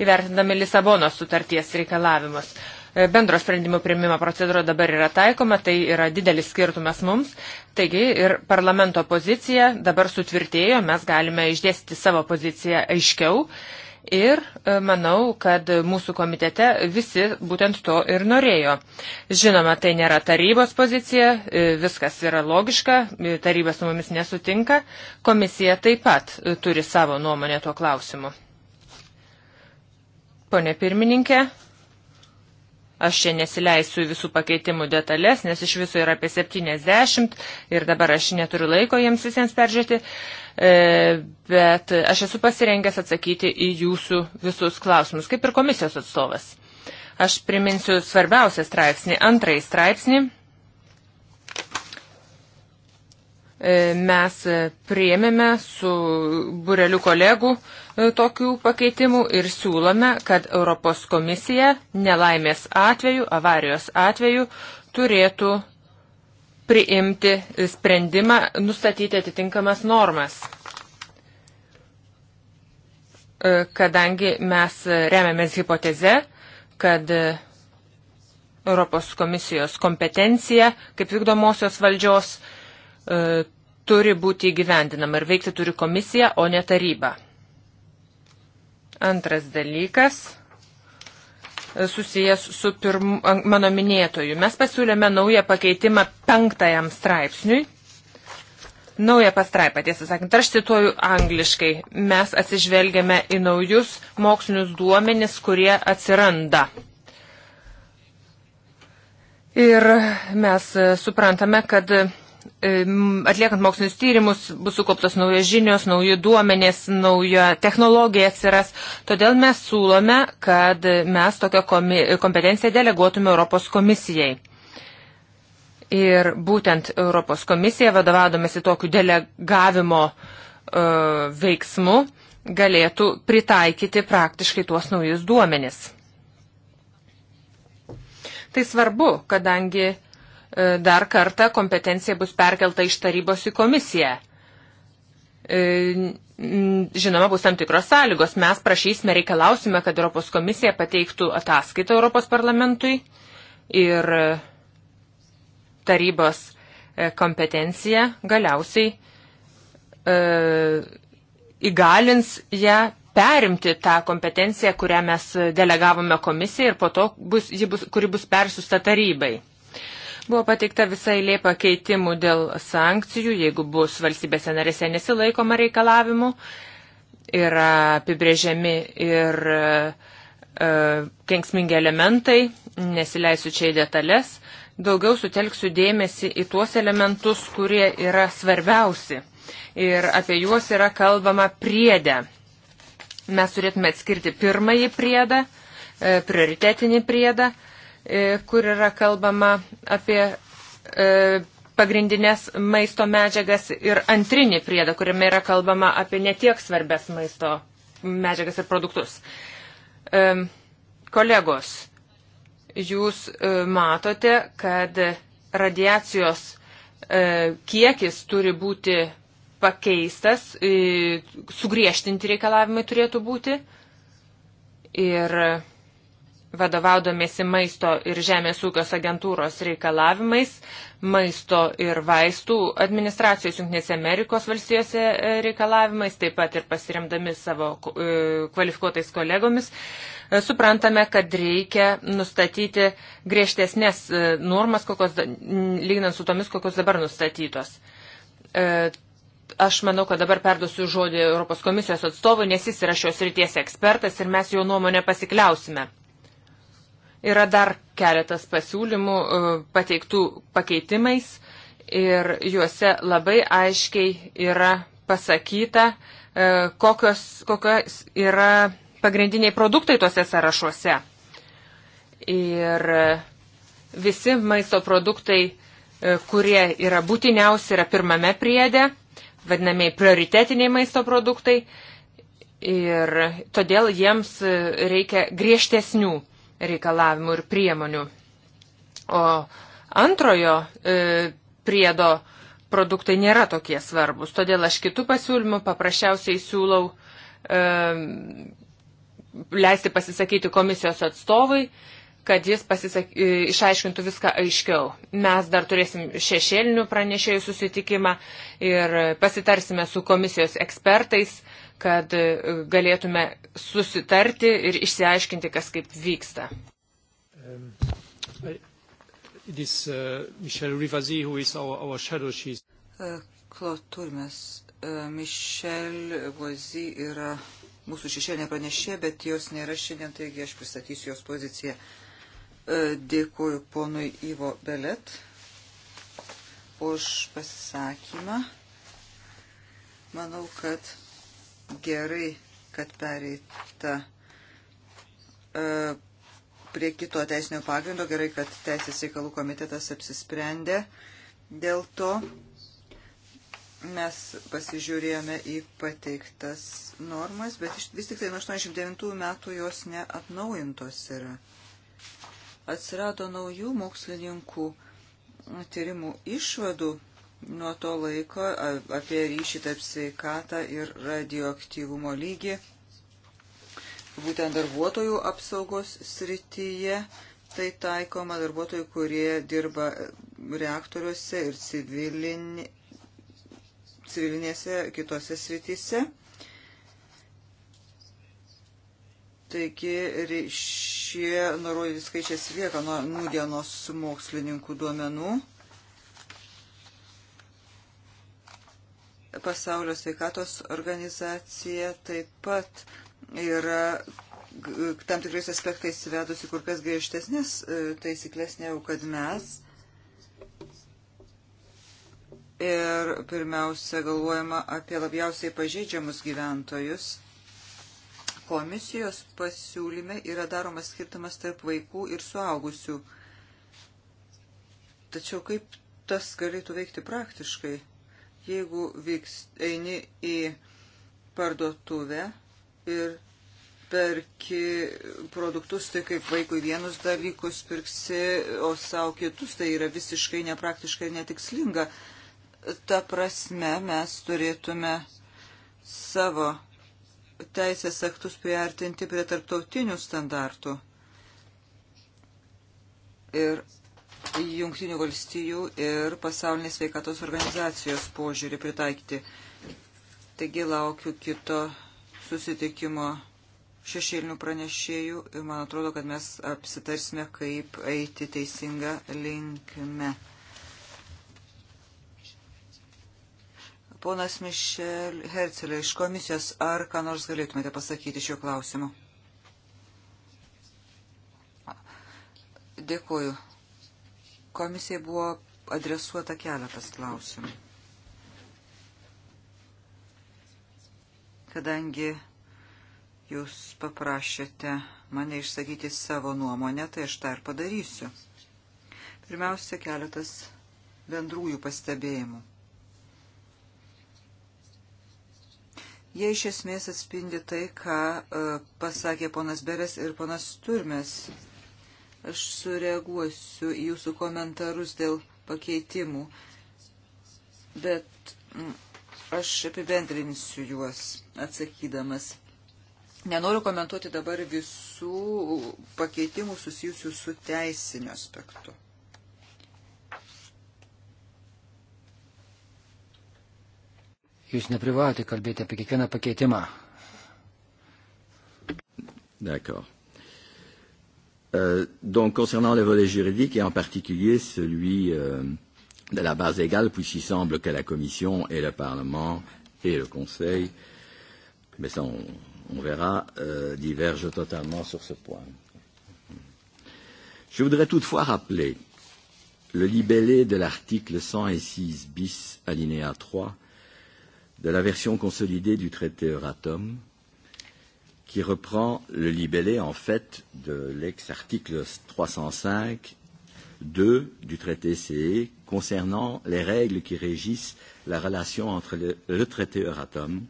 [SPEAKER 2] įvertindami Lisabonos sutarties reikalavimus. E, bendro sprendimų prieimimo procedūra dabar yra taikoma, tai yra didelis skirtumas mums. Taigi ir parlamento pozicija dabar sutvirtėjo, mes galime išdėstyti savo poziciją aiškiau Ir e, manau, kad mūsų komitete visi būtent to ir norėjo. Žinoma, tai nėra tarybos pozicija, e, viskas yra logiška, e, taryba su mumis nesutinka, komisija taip pat turi savo nuomonę tuo klausimu. Pone pirmininkė, aš čia nesileisiu visų pakeitimų detalės, nes iš viso yra apie 70 ir dabar aš neturiu laiko jiems visiems peržiūrėti. E, bet aš esu pasirengęs atsakyti į jūsų visus klausimus, kaip ir komisijos atstovas. Aš priminsiu svarbiausią straipsnį, antrąjį straipsnį. E, mes priėmėme su bureliu kolegų e, tokių pakeitimų ir siūlome, kad Europos komisija nelaimės atveju, avarijos atveju turėtų priimti sprendimą, nustatyti atitinkamas normas. E, kadangi mes remiamės hipoteze, kad Europos komisijos kompetencija kaip vykdomosios valdžios e, turi būti įgyvendinama ir veikti turi komisija, o ne taryba. Antras dalykas susijęs su pirm, mano minėtoju. Mes pasiūlėme naują pakeitimą penktajam straipsniui. Nauja pastraipa, tiesą sakant, aš cituoju angliškai. Mes atsižvelgiame į naujus mokslinius duomenis, kurie atsiranda. Ir mes suprantame, kad atliekant mokslinius tyrimus bus sukauptos naujos žinios, nauji duomenės, nauja technologija atsiras. Todėl mes siūlome, kad mes tokią kompetenciją deleguotume Europos komisijai. Ir būtent Europos komisija, vadovaudomasi tokiu delegavimo uh, veiksmu, galėtų pritaikyti praktiškai tuos naujus duomenis. Tai svarbu, kadangi uh, E, dar kartą kompetencija bus perkelta iš tarybos į komisiją. E, žinoma, bus tam tikros sąlygos. Mes prašysime, reikalausime, kad Europos komisija pateiktų ataskaitą Europos parlamentui ir e, tarybos kompetencija galiausiai įgalins ją perimti tą kompetenciją, kurią mes delegavome komisijai ir po to, bus, bus, kuri bus persiusta tarybai. Buvo pateikta visai lė pakeitimų dėl sankcijų, jeigu bus valstybėse narėse nesilaikoma reikalavimu. Yra apibrėžiami ir e, kenksmingi elementai, nesileisiu čia į detalės. Daugiau sutelksiu dėmesį į tuos elementus, kurie yra svarbiausi. Ir apie juos yra kalbama priedę. Mes turėtume atskirti pirmąjį priedą, e, prioritetinį priedą. E, E, kur yra kalbama apie e, pagrindinės maisto medžiagas ir antrinį priedą, kuriame yra kalbama apie netiek svarbės maisto medžiagas ir produktus. E, kolegos, jūs matote, kad radiacijos kiekis turi būti pakeistas, sugriežtinti reikalavimai turėtų būti. Ir vadovaudomėsi maisto ir žemės ūkios agentūros reikalavimais, maisto ir vaistų administracijos Junktinėse Amerikos valstijose e, reikalavimais, taip pat ir pasiremdami savo e, kvalifikuotais kolegomis, e, suprantame, kad reikia nustatyti griežtesnės normas, kokios, lyginant su tomis, kokios dabar nustatytos aš manau, kad dabar perduosiu žodį Europos komisijos atstovui, nes jis yra šios ryties ekspertas ir mes jo nuomonę pasikliausime. Yra dar keletas pasiūlymų e, pateiktų pakeitimais ir juose labai aiškiai yra pasakyta, e, kokios, kokios yra pagrindiniai produktai tuose sąrašuose. Ir e, visi maisto produktai, kurie yra būtiniausi, yra pirmame priede, vadinamiai prioritetiniai maisto produktai. Ir todėl jiems reikia griežtesnių reikalavimų ir priemonių. O antrojo e, priedo produktai nėra tokie svarbus, todėl aš kitų pasiūlymų paprasčiausiai siūlau e, leisti pasisakyti komisijos atstovui, kad jis pasisak... E, išaiškintų viską aiškiau. Mes dar turėsim šešėlinių pranešėjų susitikimą ir pasitarsime su komisijos ekspertais kad e, galėtume susitarti ir išsiaiškinti, kas kaip vyksta.
[SPEAKER 1] Um, this, uh, Rivazi, our, our shadow, uh,
[SPEAKER 3] Claude Turmes, uh, Michel Vozy yra mūsų šešėlė pranešė, bet jos nėra šiandien, taigi aš pristatysiu jos poziciją. Dėkuoju ponui Ivo Belet už pasisakymą. Manau, kad gerai, kad pereita e, prie kito teisinio pagrindo, gerai, kad Teisės reikalų komitetas apsisprendė. Dėl to mes pasižiūrėjome į pateiktas normas, bet vis tik tai nuo 89 metų jos neatnaujintos yra. Atsirado naujų mokslininkų tyrimų išvadų nuo to laiko apie ryšį tarp sveikatą ir radioaktyvumo lygį, būtent darbuotojų apsaugos srityje. Tai taikoma darbuotojų, kurie dirba reaktoriuose ir civilinė, civilinėse kitose srityse. Taigi šie nurodyti skaičiai sveikia nuo nudienos mokslininkų duomenų. Pasaulio sveikatos organizacija taip pat yra tam tikrais aspektais įvedusi kur kas griežtesnės e, taisyklės negu kad mes. Ir pirmiausia galvojama apie labiausiai pažeidžiamus gyventojus. Komisijos pasiūlyme yra daromas skirtumas tarp vaikų ir suaugusių. Tačiau kaip tas galėtų veikti praktiškai? jeigu vyks, eini į parduotuvę ir perki produktus, tai kaip vaikui vienus dalykus pirksi, o savo kitus, tai yra visiškai nepraktiškai ir netikslinga. Ta prasme mes turėtume savo teisės aktus priartinti prie tarptautinių standartų. Ir Jungtinių valstijų ir pasaulinės veikatos organizacijos požiūrį pritaikyti. Taigi laukiu kito susitikimo šešėlinių pranešėjų ir man atrodo, kad mes apsitarsime, kaip eiti teisinga linkme. Ponas Mišel Hercelė iš komisijos, ar ką nors galėtumėte pasakyti šiuo klausimu? Dėkuoju komisijai buvo adresuota keletas klausimų. Kadangi jūs paprašėte mane išsakyti savo nuomonę, tai aš tą ir padarysiu. Pirmiausia, keletas bendrųjų pastebėjimų. Jie iš esmės atspindi tai, ką e, pasakė ponas Beres ir ponas Turmes Aš sureaguosiu į jūsų komentarus dėl pakeitimų, bet mm, aš apibendrinsiu juos atsakydamas. Nenoriu komentuoti dabar visų pakeitimų susijusių su teisiniu aspektu.
[SPEAKER 1] Jūs neprivalote kalbėti apie kiekvieną pakeitimą.
[SPEAKER 5] D'accord. Euh, donc, concernant le volet juridique et en particulier celui euh, de la base légale, puisqu'il semble que la Commission et le Parlement et le Conseil, mais ça on, on verra, euh, divergent totalement sur ce point. Je voudrais toutefois rappeler le libellé de l'article 106 bis, alinéa 3, de la version consolidée du traité Euratom, euh, qui reprend le libellé en fait de l'ex-article 305 2 du traité CE concernant les règles qui régissent la relation entre le, le traité Euratom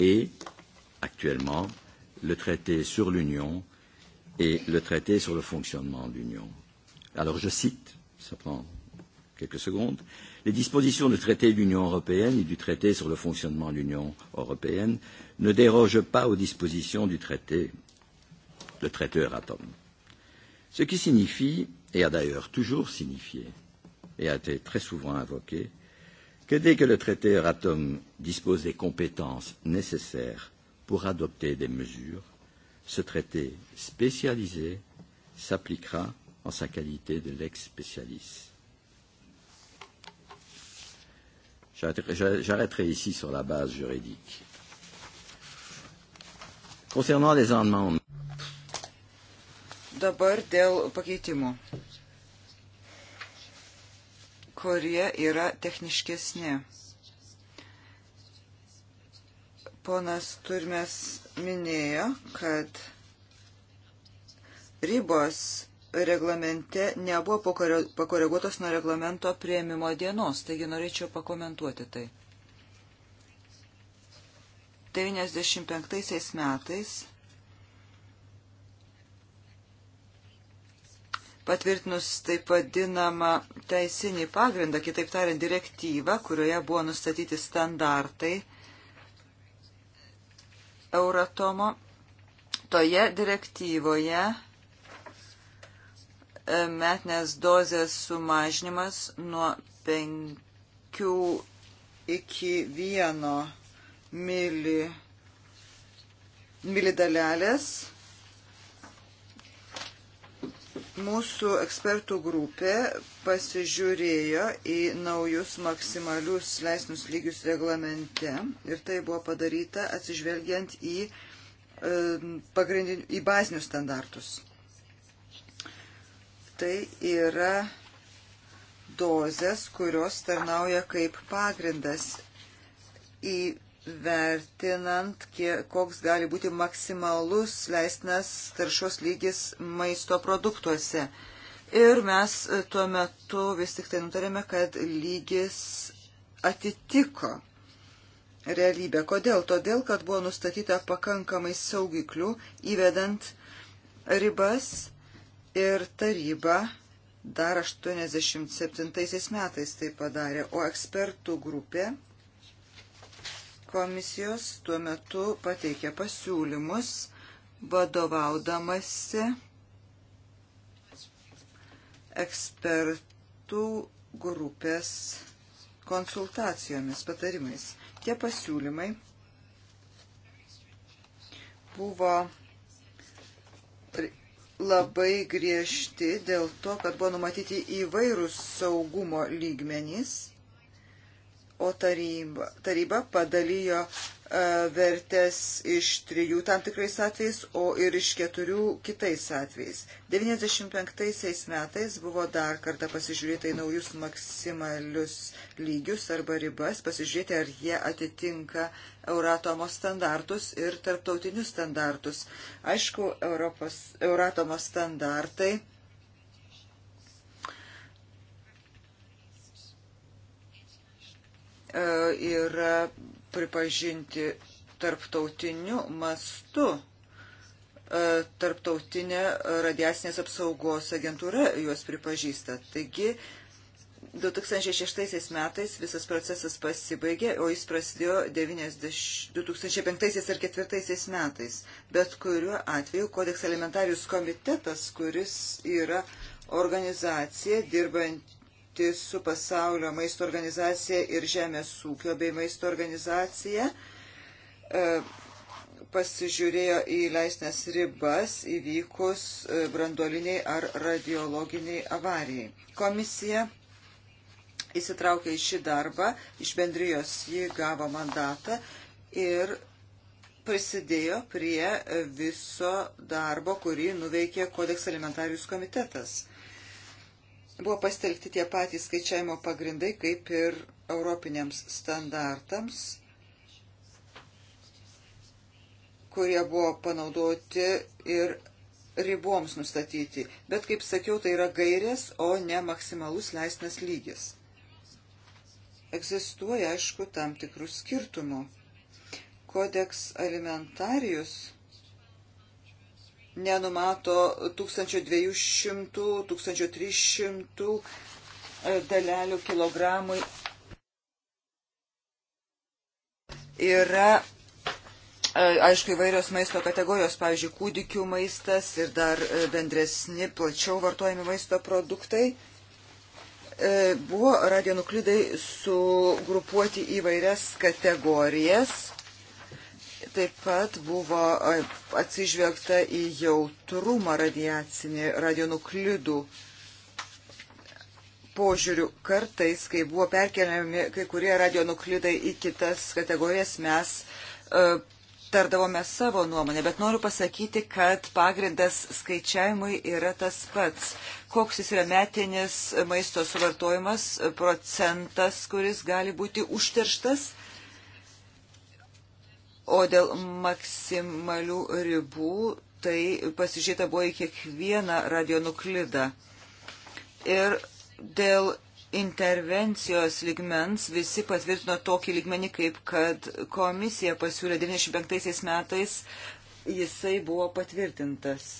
[SPEAKER 5] et actuellement le traité sur l'Union et le traité sur le fonctionnement de l'Union. Alors je cite, ça prend quelques secondes, euh, Les dispositions du traité de l'Union européenne et du traité sur le fonctionnement de l'Union européenne ne dérogent pas aux dispositions du traité, le traité Euratom. Ce qui signifie, et a d'ailleurs toujours signifié, et a été très souvent invoqué, que dès que le traité Euratom dispose des compétences nécessaires pour adopter des mesures, ce traité spécialisé s'appliquera en sa qualité de lex spécialis. J'arrêterai ici sur la base juridique. Concernant les amendements.
[SPEAKER 3] Dabar dėl pakeitimų, kurie yra techniškesni. Ponas Turmes minėjo, kad ribos reglamente nebuvo pakoreguotas nuo reglamento prieimimo dienos, taigi norėčiau pakomentuoti tai. 95 metais patvirtinus taip vadinamą teisinį pagrindą, kitaip tariant, direktyvą, kurioje buvo nustatyti standartai Euratomo. Toje direktyvoje metinės dozės sumažinimas nuo 5 iki 1 mili, milidalelės. Mūsų ekspertų grupė pasižiūrėjo į naujus maksimalius leisnus lygius reglamente ir tai buvo padaryta atsižvelgiant į, e, pagrindin, į bazinius standartus. Tai yra dozės, kurios tarnauja kaip pagrindas įvertinant, kiek, koks gali būti maksimalus leistinas taršos lygis maisto produktuose. Ir mes tuo metu vis tik tai nutarėme, kad lygis atitiko realybę. Kodėl? Todėl, kad buvo nustatyta pakankamai saugiklių įvedant ribas ir taryba dar 87 metais tai padarė, o ekspertų grupė komisijos tuo metu pateikė pasiūlymus vadovaudamasi ekspertų grupės konsultacijomis, patarimais. Tie pasiūlymai buvo labai griežti dėl to, kad buvo numatyti įvairūs saugumo lygmenys o taryba, taryba padalijo e, vertės iš trijų tam tikrais atvejais, o ir iš keturių kitais atvejais. 95 metais buvo dar kartą pasižiūrėta į naujus maksimalius lygius arba ribas, pasižiūrėti, ar jie atitinka Euratomo standartus ir tarptautinius standartus. Aišku, Europos, Euratomo standartai E, yra pripažinti tarptautiniu mastu. E, tarptautinė radiacinės apsaugos agentūra juos pripažįsta. Taigi, 2006 metais visas procesas pasibaigė, o jis prasidėjo 90, 2005 ir 2004 metais. Bet kuriuo atveju Kodeks elementarius komitetas, kuris yra organizacija dirbant dirbti su pasaulio maisto organizacija ir Žemės ūkio bei maisto organizacija. E, pasižiūrėjo į leisnės ribas įvykus e, branduoliniai ar radiologiniai avarijai. Komisija įsitraukė į šį darbą, iš bendrijos ji gavo mandatą ir prisidėjo prie viso darbo, kurį nuveikė Kodeks alimentarius komitetas. Buvo pastelgti tie patys skaičiavimo pagrindai, kaip ir europiniams standartams, kurie buvo panaudoti ir riboms nustatyti. Bet, kaip sakiau, tai yra gairės, o ne maksimalus leistinas lygis. Egzistuoja, aišku, tam tikrų skirtumų. Kodeks alimentarius nenumato 1200-1300 e, dalelių kilogramui. Yra, e, aišku, įvairios maisto kategorijos, pavyzdžiui, kūdikių maistas ir dar e, bendresni, plačiau vartojami maisto produktai. Buvo radionuklidai sugrupuoti į vairias kategorijas Taip pat buvo atsižvelgta į jautrumą radiacinį radionuklidų požiūrių. Kartais, kai buvo perkeliami kai kurie radionuklidai į kitas kategorijas, mes uh, tardavome savo nuomonę, bet noriu pasakyti, kad pagrindas skaičiavimui yra tas pats. Koks jis yra metinis maisto suvartojimas, procentas, kuris gali būti užterštas O dėl maksimalių ribų, tai pasižiūrėta buvo į kiekvieną radionuklidą. Ir dėl intervencijos ligmens visi patvirtino tokį ligmenį, kaip kad komisija pasiūlė 95 metais, jisai buvo patvirtintas.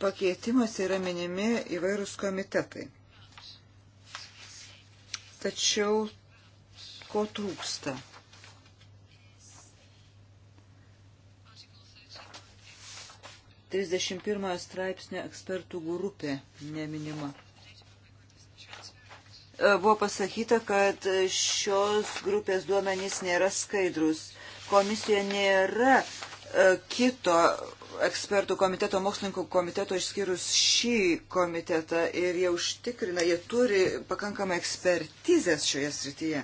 [SPEAKER 3] pakeitimuose yra minimi įvairūs komitetai. Tačiau ko trūksta? Trisdešimt pirmojo straipsnio ekspertų grupė neminima. E, buvo pasakyta, kad šios grupės duomenys nėra skaidrus. Komisijoje nėra e, kito ekspertų komiteto, mokslininkų komiteto išskyrus šį komitetą ir jie užtikrina, jie turi pakankamą ekspertizės šioje srityje.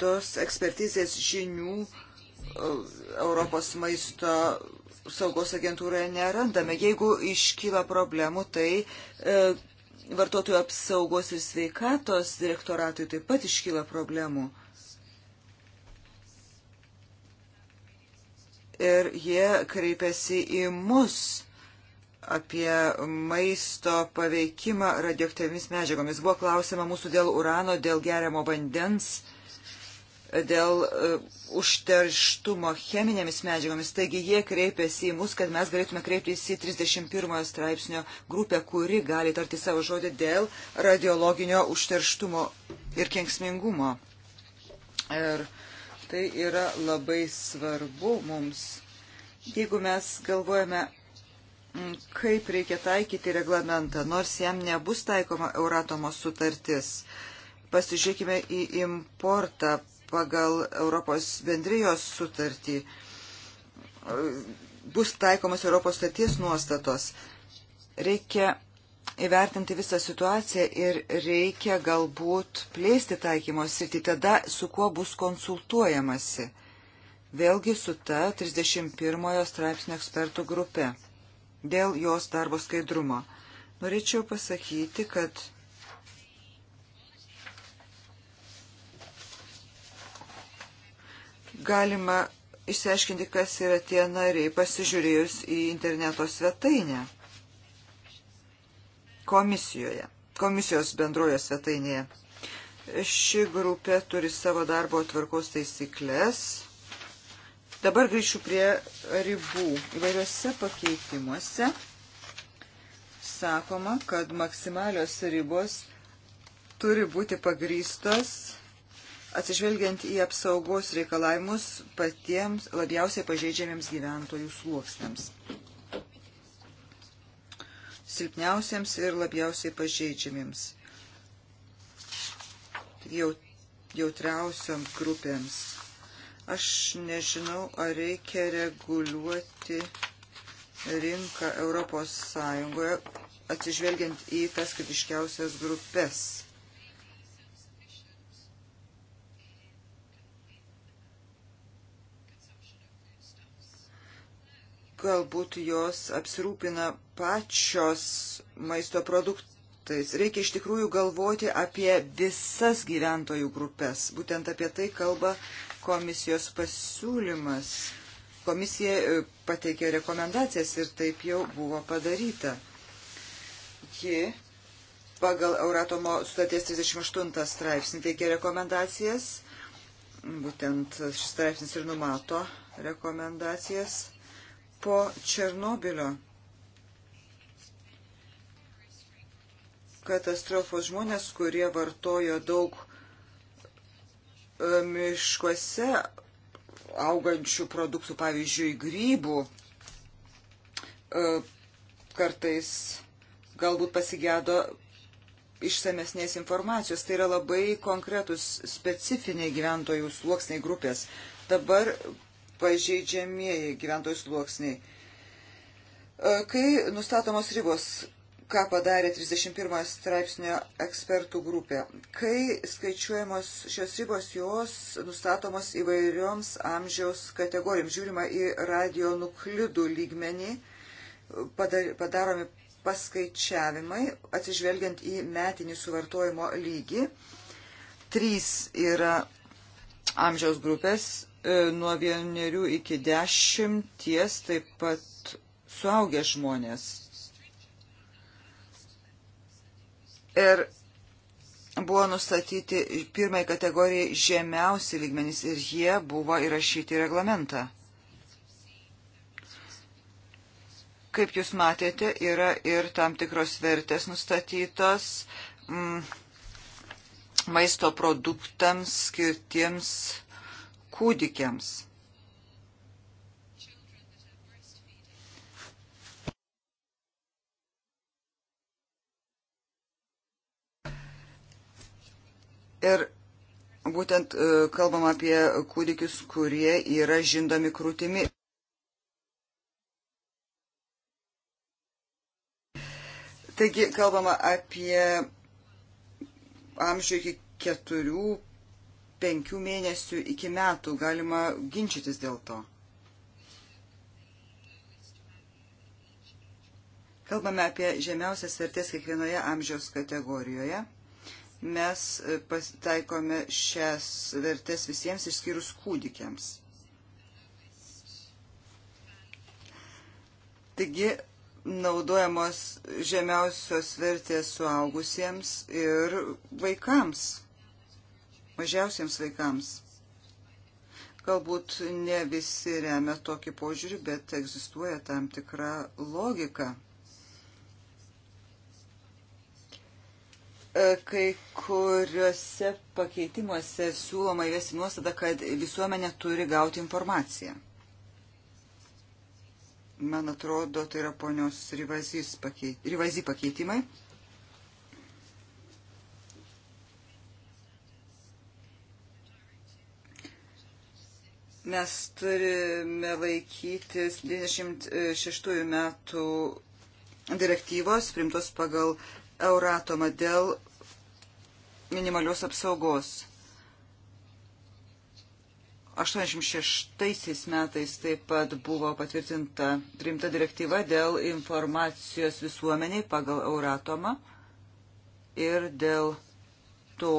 [SPEAKER 3] Tos ekspertizės žinių e, Europos maisto saugos agentūroje nerandame. Jeigu iškyla problemų, tai e, vartotojų apsaugos ir sveikatos direktoratui taip pat iškyla problemų. ir jie kreipiasi į mus apie maisto paveikimą radioaktyvimis medžiagomis. Buvo klausima mūsų dėl urano, dėl geriamo vandens, dėl e, užterštumo cheminėmis medžiagomis. Taigi jie kreipiasi į mus, kad mes galėtume kreiptis į 31 straipsnio grupę, kuri gali tarti savo žodį dėl radiologinio užterštumo ir kenksmingumo. Ir uh, Tai yra labai svarbu mums. Jeigu mes galvojame, mm, kaip reikia taikyti reglamentą, nors jam nebus taikoma Euratomo sutartis, pasižiūrėkime į importą pagal Europos bendrijos sutartį. Bus taikomas Europos staties nuostatos. Reikia įvertinti visą situaciją ir reikia galbūt plėsti taikymos ir tai tada su kuo bus konsultuojamasi. Vėlgi su ta 31 straipsnio ekspertų grupe dėl jos darbo skaidrumo. Norėčiau pasakyti, kad galima išsiaiškinti, kas yra tie nariai, pasižiūrėjus į interneto svetainę komisijoje, komisijos bendrojo svetainėje. Ši grupė turi savo darbo tvarkos taisyklės. Dabar grįšiu prie ribų. Įvairiuose pakeitimuose sakoma, kad maksimalios ribos turi būti pagrystos atsižvelgiant į apsaugos reikalavimus patiems labiausiai pažeidžiamiems gyventojų sluoksniams silpniausiems ir labiausiai pažeidžiamiems, jautriausiam grupėms. Aš nežinau, ar reikia reguliuoti rinką Europos Sąjungoje, atsižvelgiant į tas kritiškiausias grupės. Galbūt jos apsirūpina pačios maisto produktais. Reikia iš tikrųjų galvoti apie visas gyventojų grupės. Būtent apie tai kalba komisijos pasiūlymas. Komisija e, pateikė rekomendacijas ir taip jau buvo padaryta. Ji pagal Euratomo sutarties 38 straipsnį teikia rekomendacijas. Būtent šis straipsnis ir numato rekomendacijas po Černobilio katastrofos žmonės, kurie vartojo daug e, miškuose augančių produktų, pavyzdžiui, grybų, e, kartais galbūt pasigėdo išsamesnės informacijos. Tai yra labai konkretus specifiniai gyventojų sluoksniai grupės. Dabar pažeidžiamieji gyventojų sluoksniai. E, kai nustatomos ribos, ką padarė 31 straipsnio ekspertų grupė. Kai skaičiuojamos šios ribos, jos nustatomos įvairioms amžiaus kategorijoms. Žiūrima į radionuklidų lygmenį, padaromi paskaičiavimai, atsižvelgiant į metinį suvartojimo lygį. Trys yra amžiaus grupės e, nuo vienerių iki dešimties, taip pat suaugę žmonės Ir buvo nustatyti pirmai kategorijai žemiausi lygmenys ir jie buvo įrašyti į reglamentą. Kaip jūs matėte, yra ir tam tikros vertės nustatytos mm, maisto produktams skirtiems kūdikiams. Ir būtent e, kalbam apie kūdikius, kurie yra žindomi krūtimi. Taigi kalbama apie amžių iki keturių, penkių mėnesių iki metų. Galima ginčytis dėl to. Kalbame apie žemiausias vertės kiekvienoje amžiaus kategorijoje mes e, pasitaikome šias vertės visiems išskyrus kūdikiams. Taigi naudojamos žemiausios vertės suaugusiems ir vaikams, mažiausiems vaikams. Galbūt ne visi remia tokį požiūrį, bet egzistuoja tam tikra logika. E, kai kuriuose pakeitimuose siūloma įvesti nuostatą, kad visuomenė turi gauti informaciją. Man atrodo, tai yra ponios Rivazy pakeitimai. Mes turime laikytis 96 metų direktyvos, primtos pagal Euratomą dėl minimalios apsaugos. 86 metais taip pat buvo patvirtinta priimta direktyva dėl informacijos visuomeniai pagal Euratomą ir dėl to,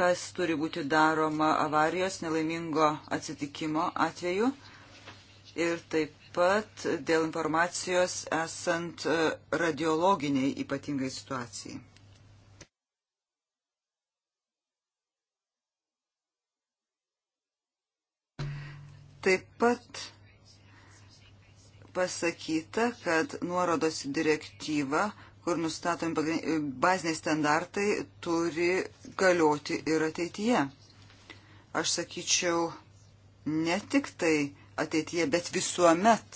[SPEAKER 3] kas turi būti daroma avarijos nelaimingo atsitikimo atveju ir taip pat dėl informacijos esant e, radiologiniai ypatingai situacijai. Taip pat pasakyta, kad nuorodos direktyva, kur nustatomi e, baziniai standartai, turi galioti ir ateityje. Aš sakyčiau, ne tik tai ateityje, bet visuomet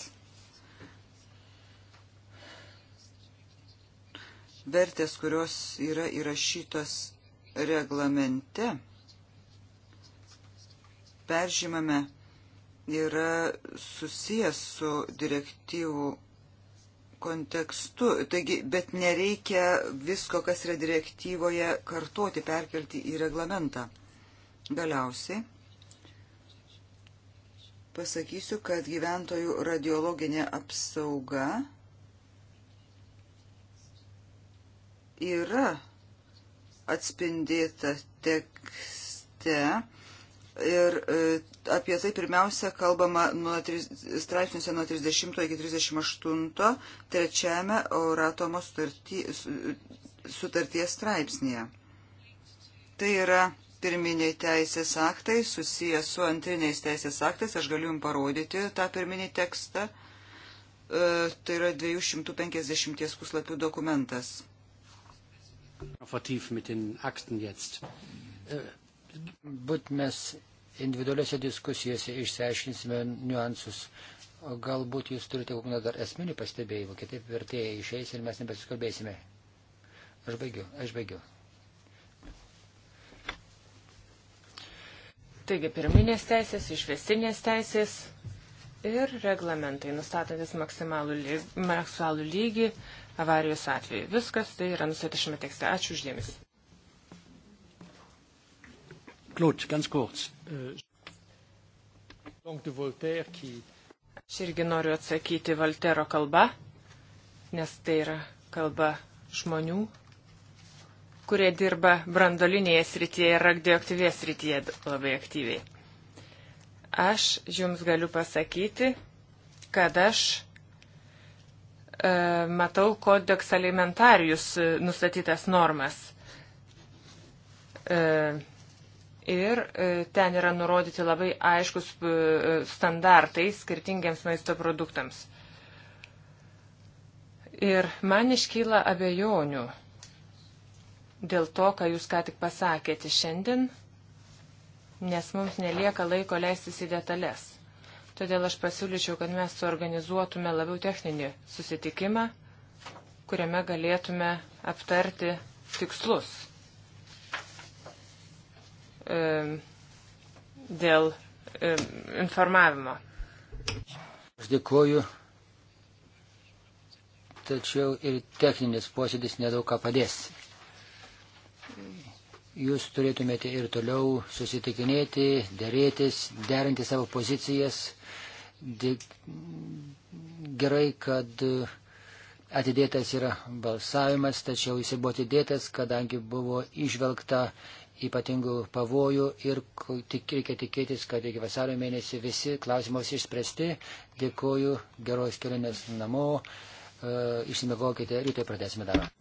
[SPEAKER 3] vertės, kurios yra įrašytos reglamente, peržymame, yra susijęs su direktyvų kontekstu. Taigi, bet nereikia visko, kas yra direktyvoje, kartoti, perkelti į reglamentą. Galiausiai pasakysiu, kad gyventojų radiologinė apsauga yra atspindėta tekste ir e, apie tai pirmiausia kalbama nuo straipsniuose nuo 30 iki 38 trečiame Euratomo sutarties straipsnėje. Tai yra pirminiai teisės aktai susijęs su antriniais teisės aktais. Aš galiu jums parodyti tą pirminį tekstą. E, tai yra 250 puslapių dokumentas.
[SPEAKER 4] E,
[SPEAKER 1] būt mes individualiuose diskusijose išsiaiškinsime niuansus. O galbūt jūs turite kokių dar esminių pastebėjimų, kitaip vertėjai išeis ir mes nebesikalbėsime. Aš baigiu, aš baigiu.
[SPEAKER 2] Taigi pirminės teisės, išvestinės teisės ir reglamentai, nustatantis maksimalų, lyg, maksimalų lygį avarijos atveju. Viskas tai yra nustatyšime tekste. Ačiū uždėmesi.
[SPEAKER 5] Klot, ganz kurz.
[SPEAKER 2] Aš irgi noriu atsakyti Voltero kalba, nes tai yra kalba žmonių, kurie dirba brandolinėje srityje ir radioaktyvėje srityje labai aktyviai. Aš jums galiu pasakyti, kad aš e, matau kodeks alimentarius nustatytas normas. E, Ir e, ten yra nurodyti labai aiškus e, standartai skirtingiams maisto produktams. Ir man iškyla abejonių, dėl to, ką jūs ką tik pasakėte šiandien, nes mums nelieka laiko leistis į detalės. Todėl aš pasiūlyčiau, kad mes suorganizuotume labiau techninį susitikimą, kuriame galėtume aptarti tikslus e, dėl e, informavimo.
[SPEAKER 1] Aš dėkuoju, tačiau ir techninis posėdis nedaug ką padės jūs turėtumėte ir toliau susitikinėti, dėrėtis, derinti savo pozicijas. Di... Gerai, kad atidėtas yra balsavimas, tačiau jis buvo atidėtas, kadangi buvo išvelgta ypatingų pavojų ir tik reikia tikėtis, kad iki vasario mėnesį visi klausimus išspręsti. Dėkuoju, geros kelionės namo, e, išsimegokite, rytoj pradėsime darbą.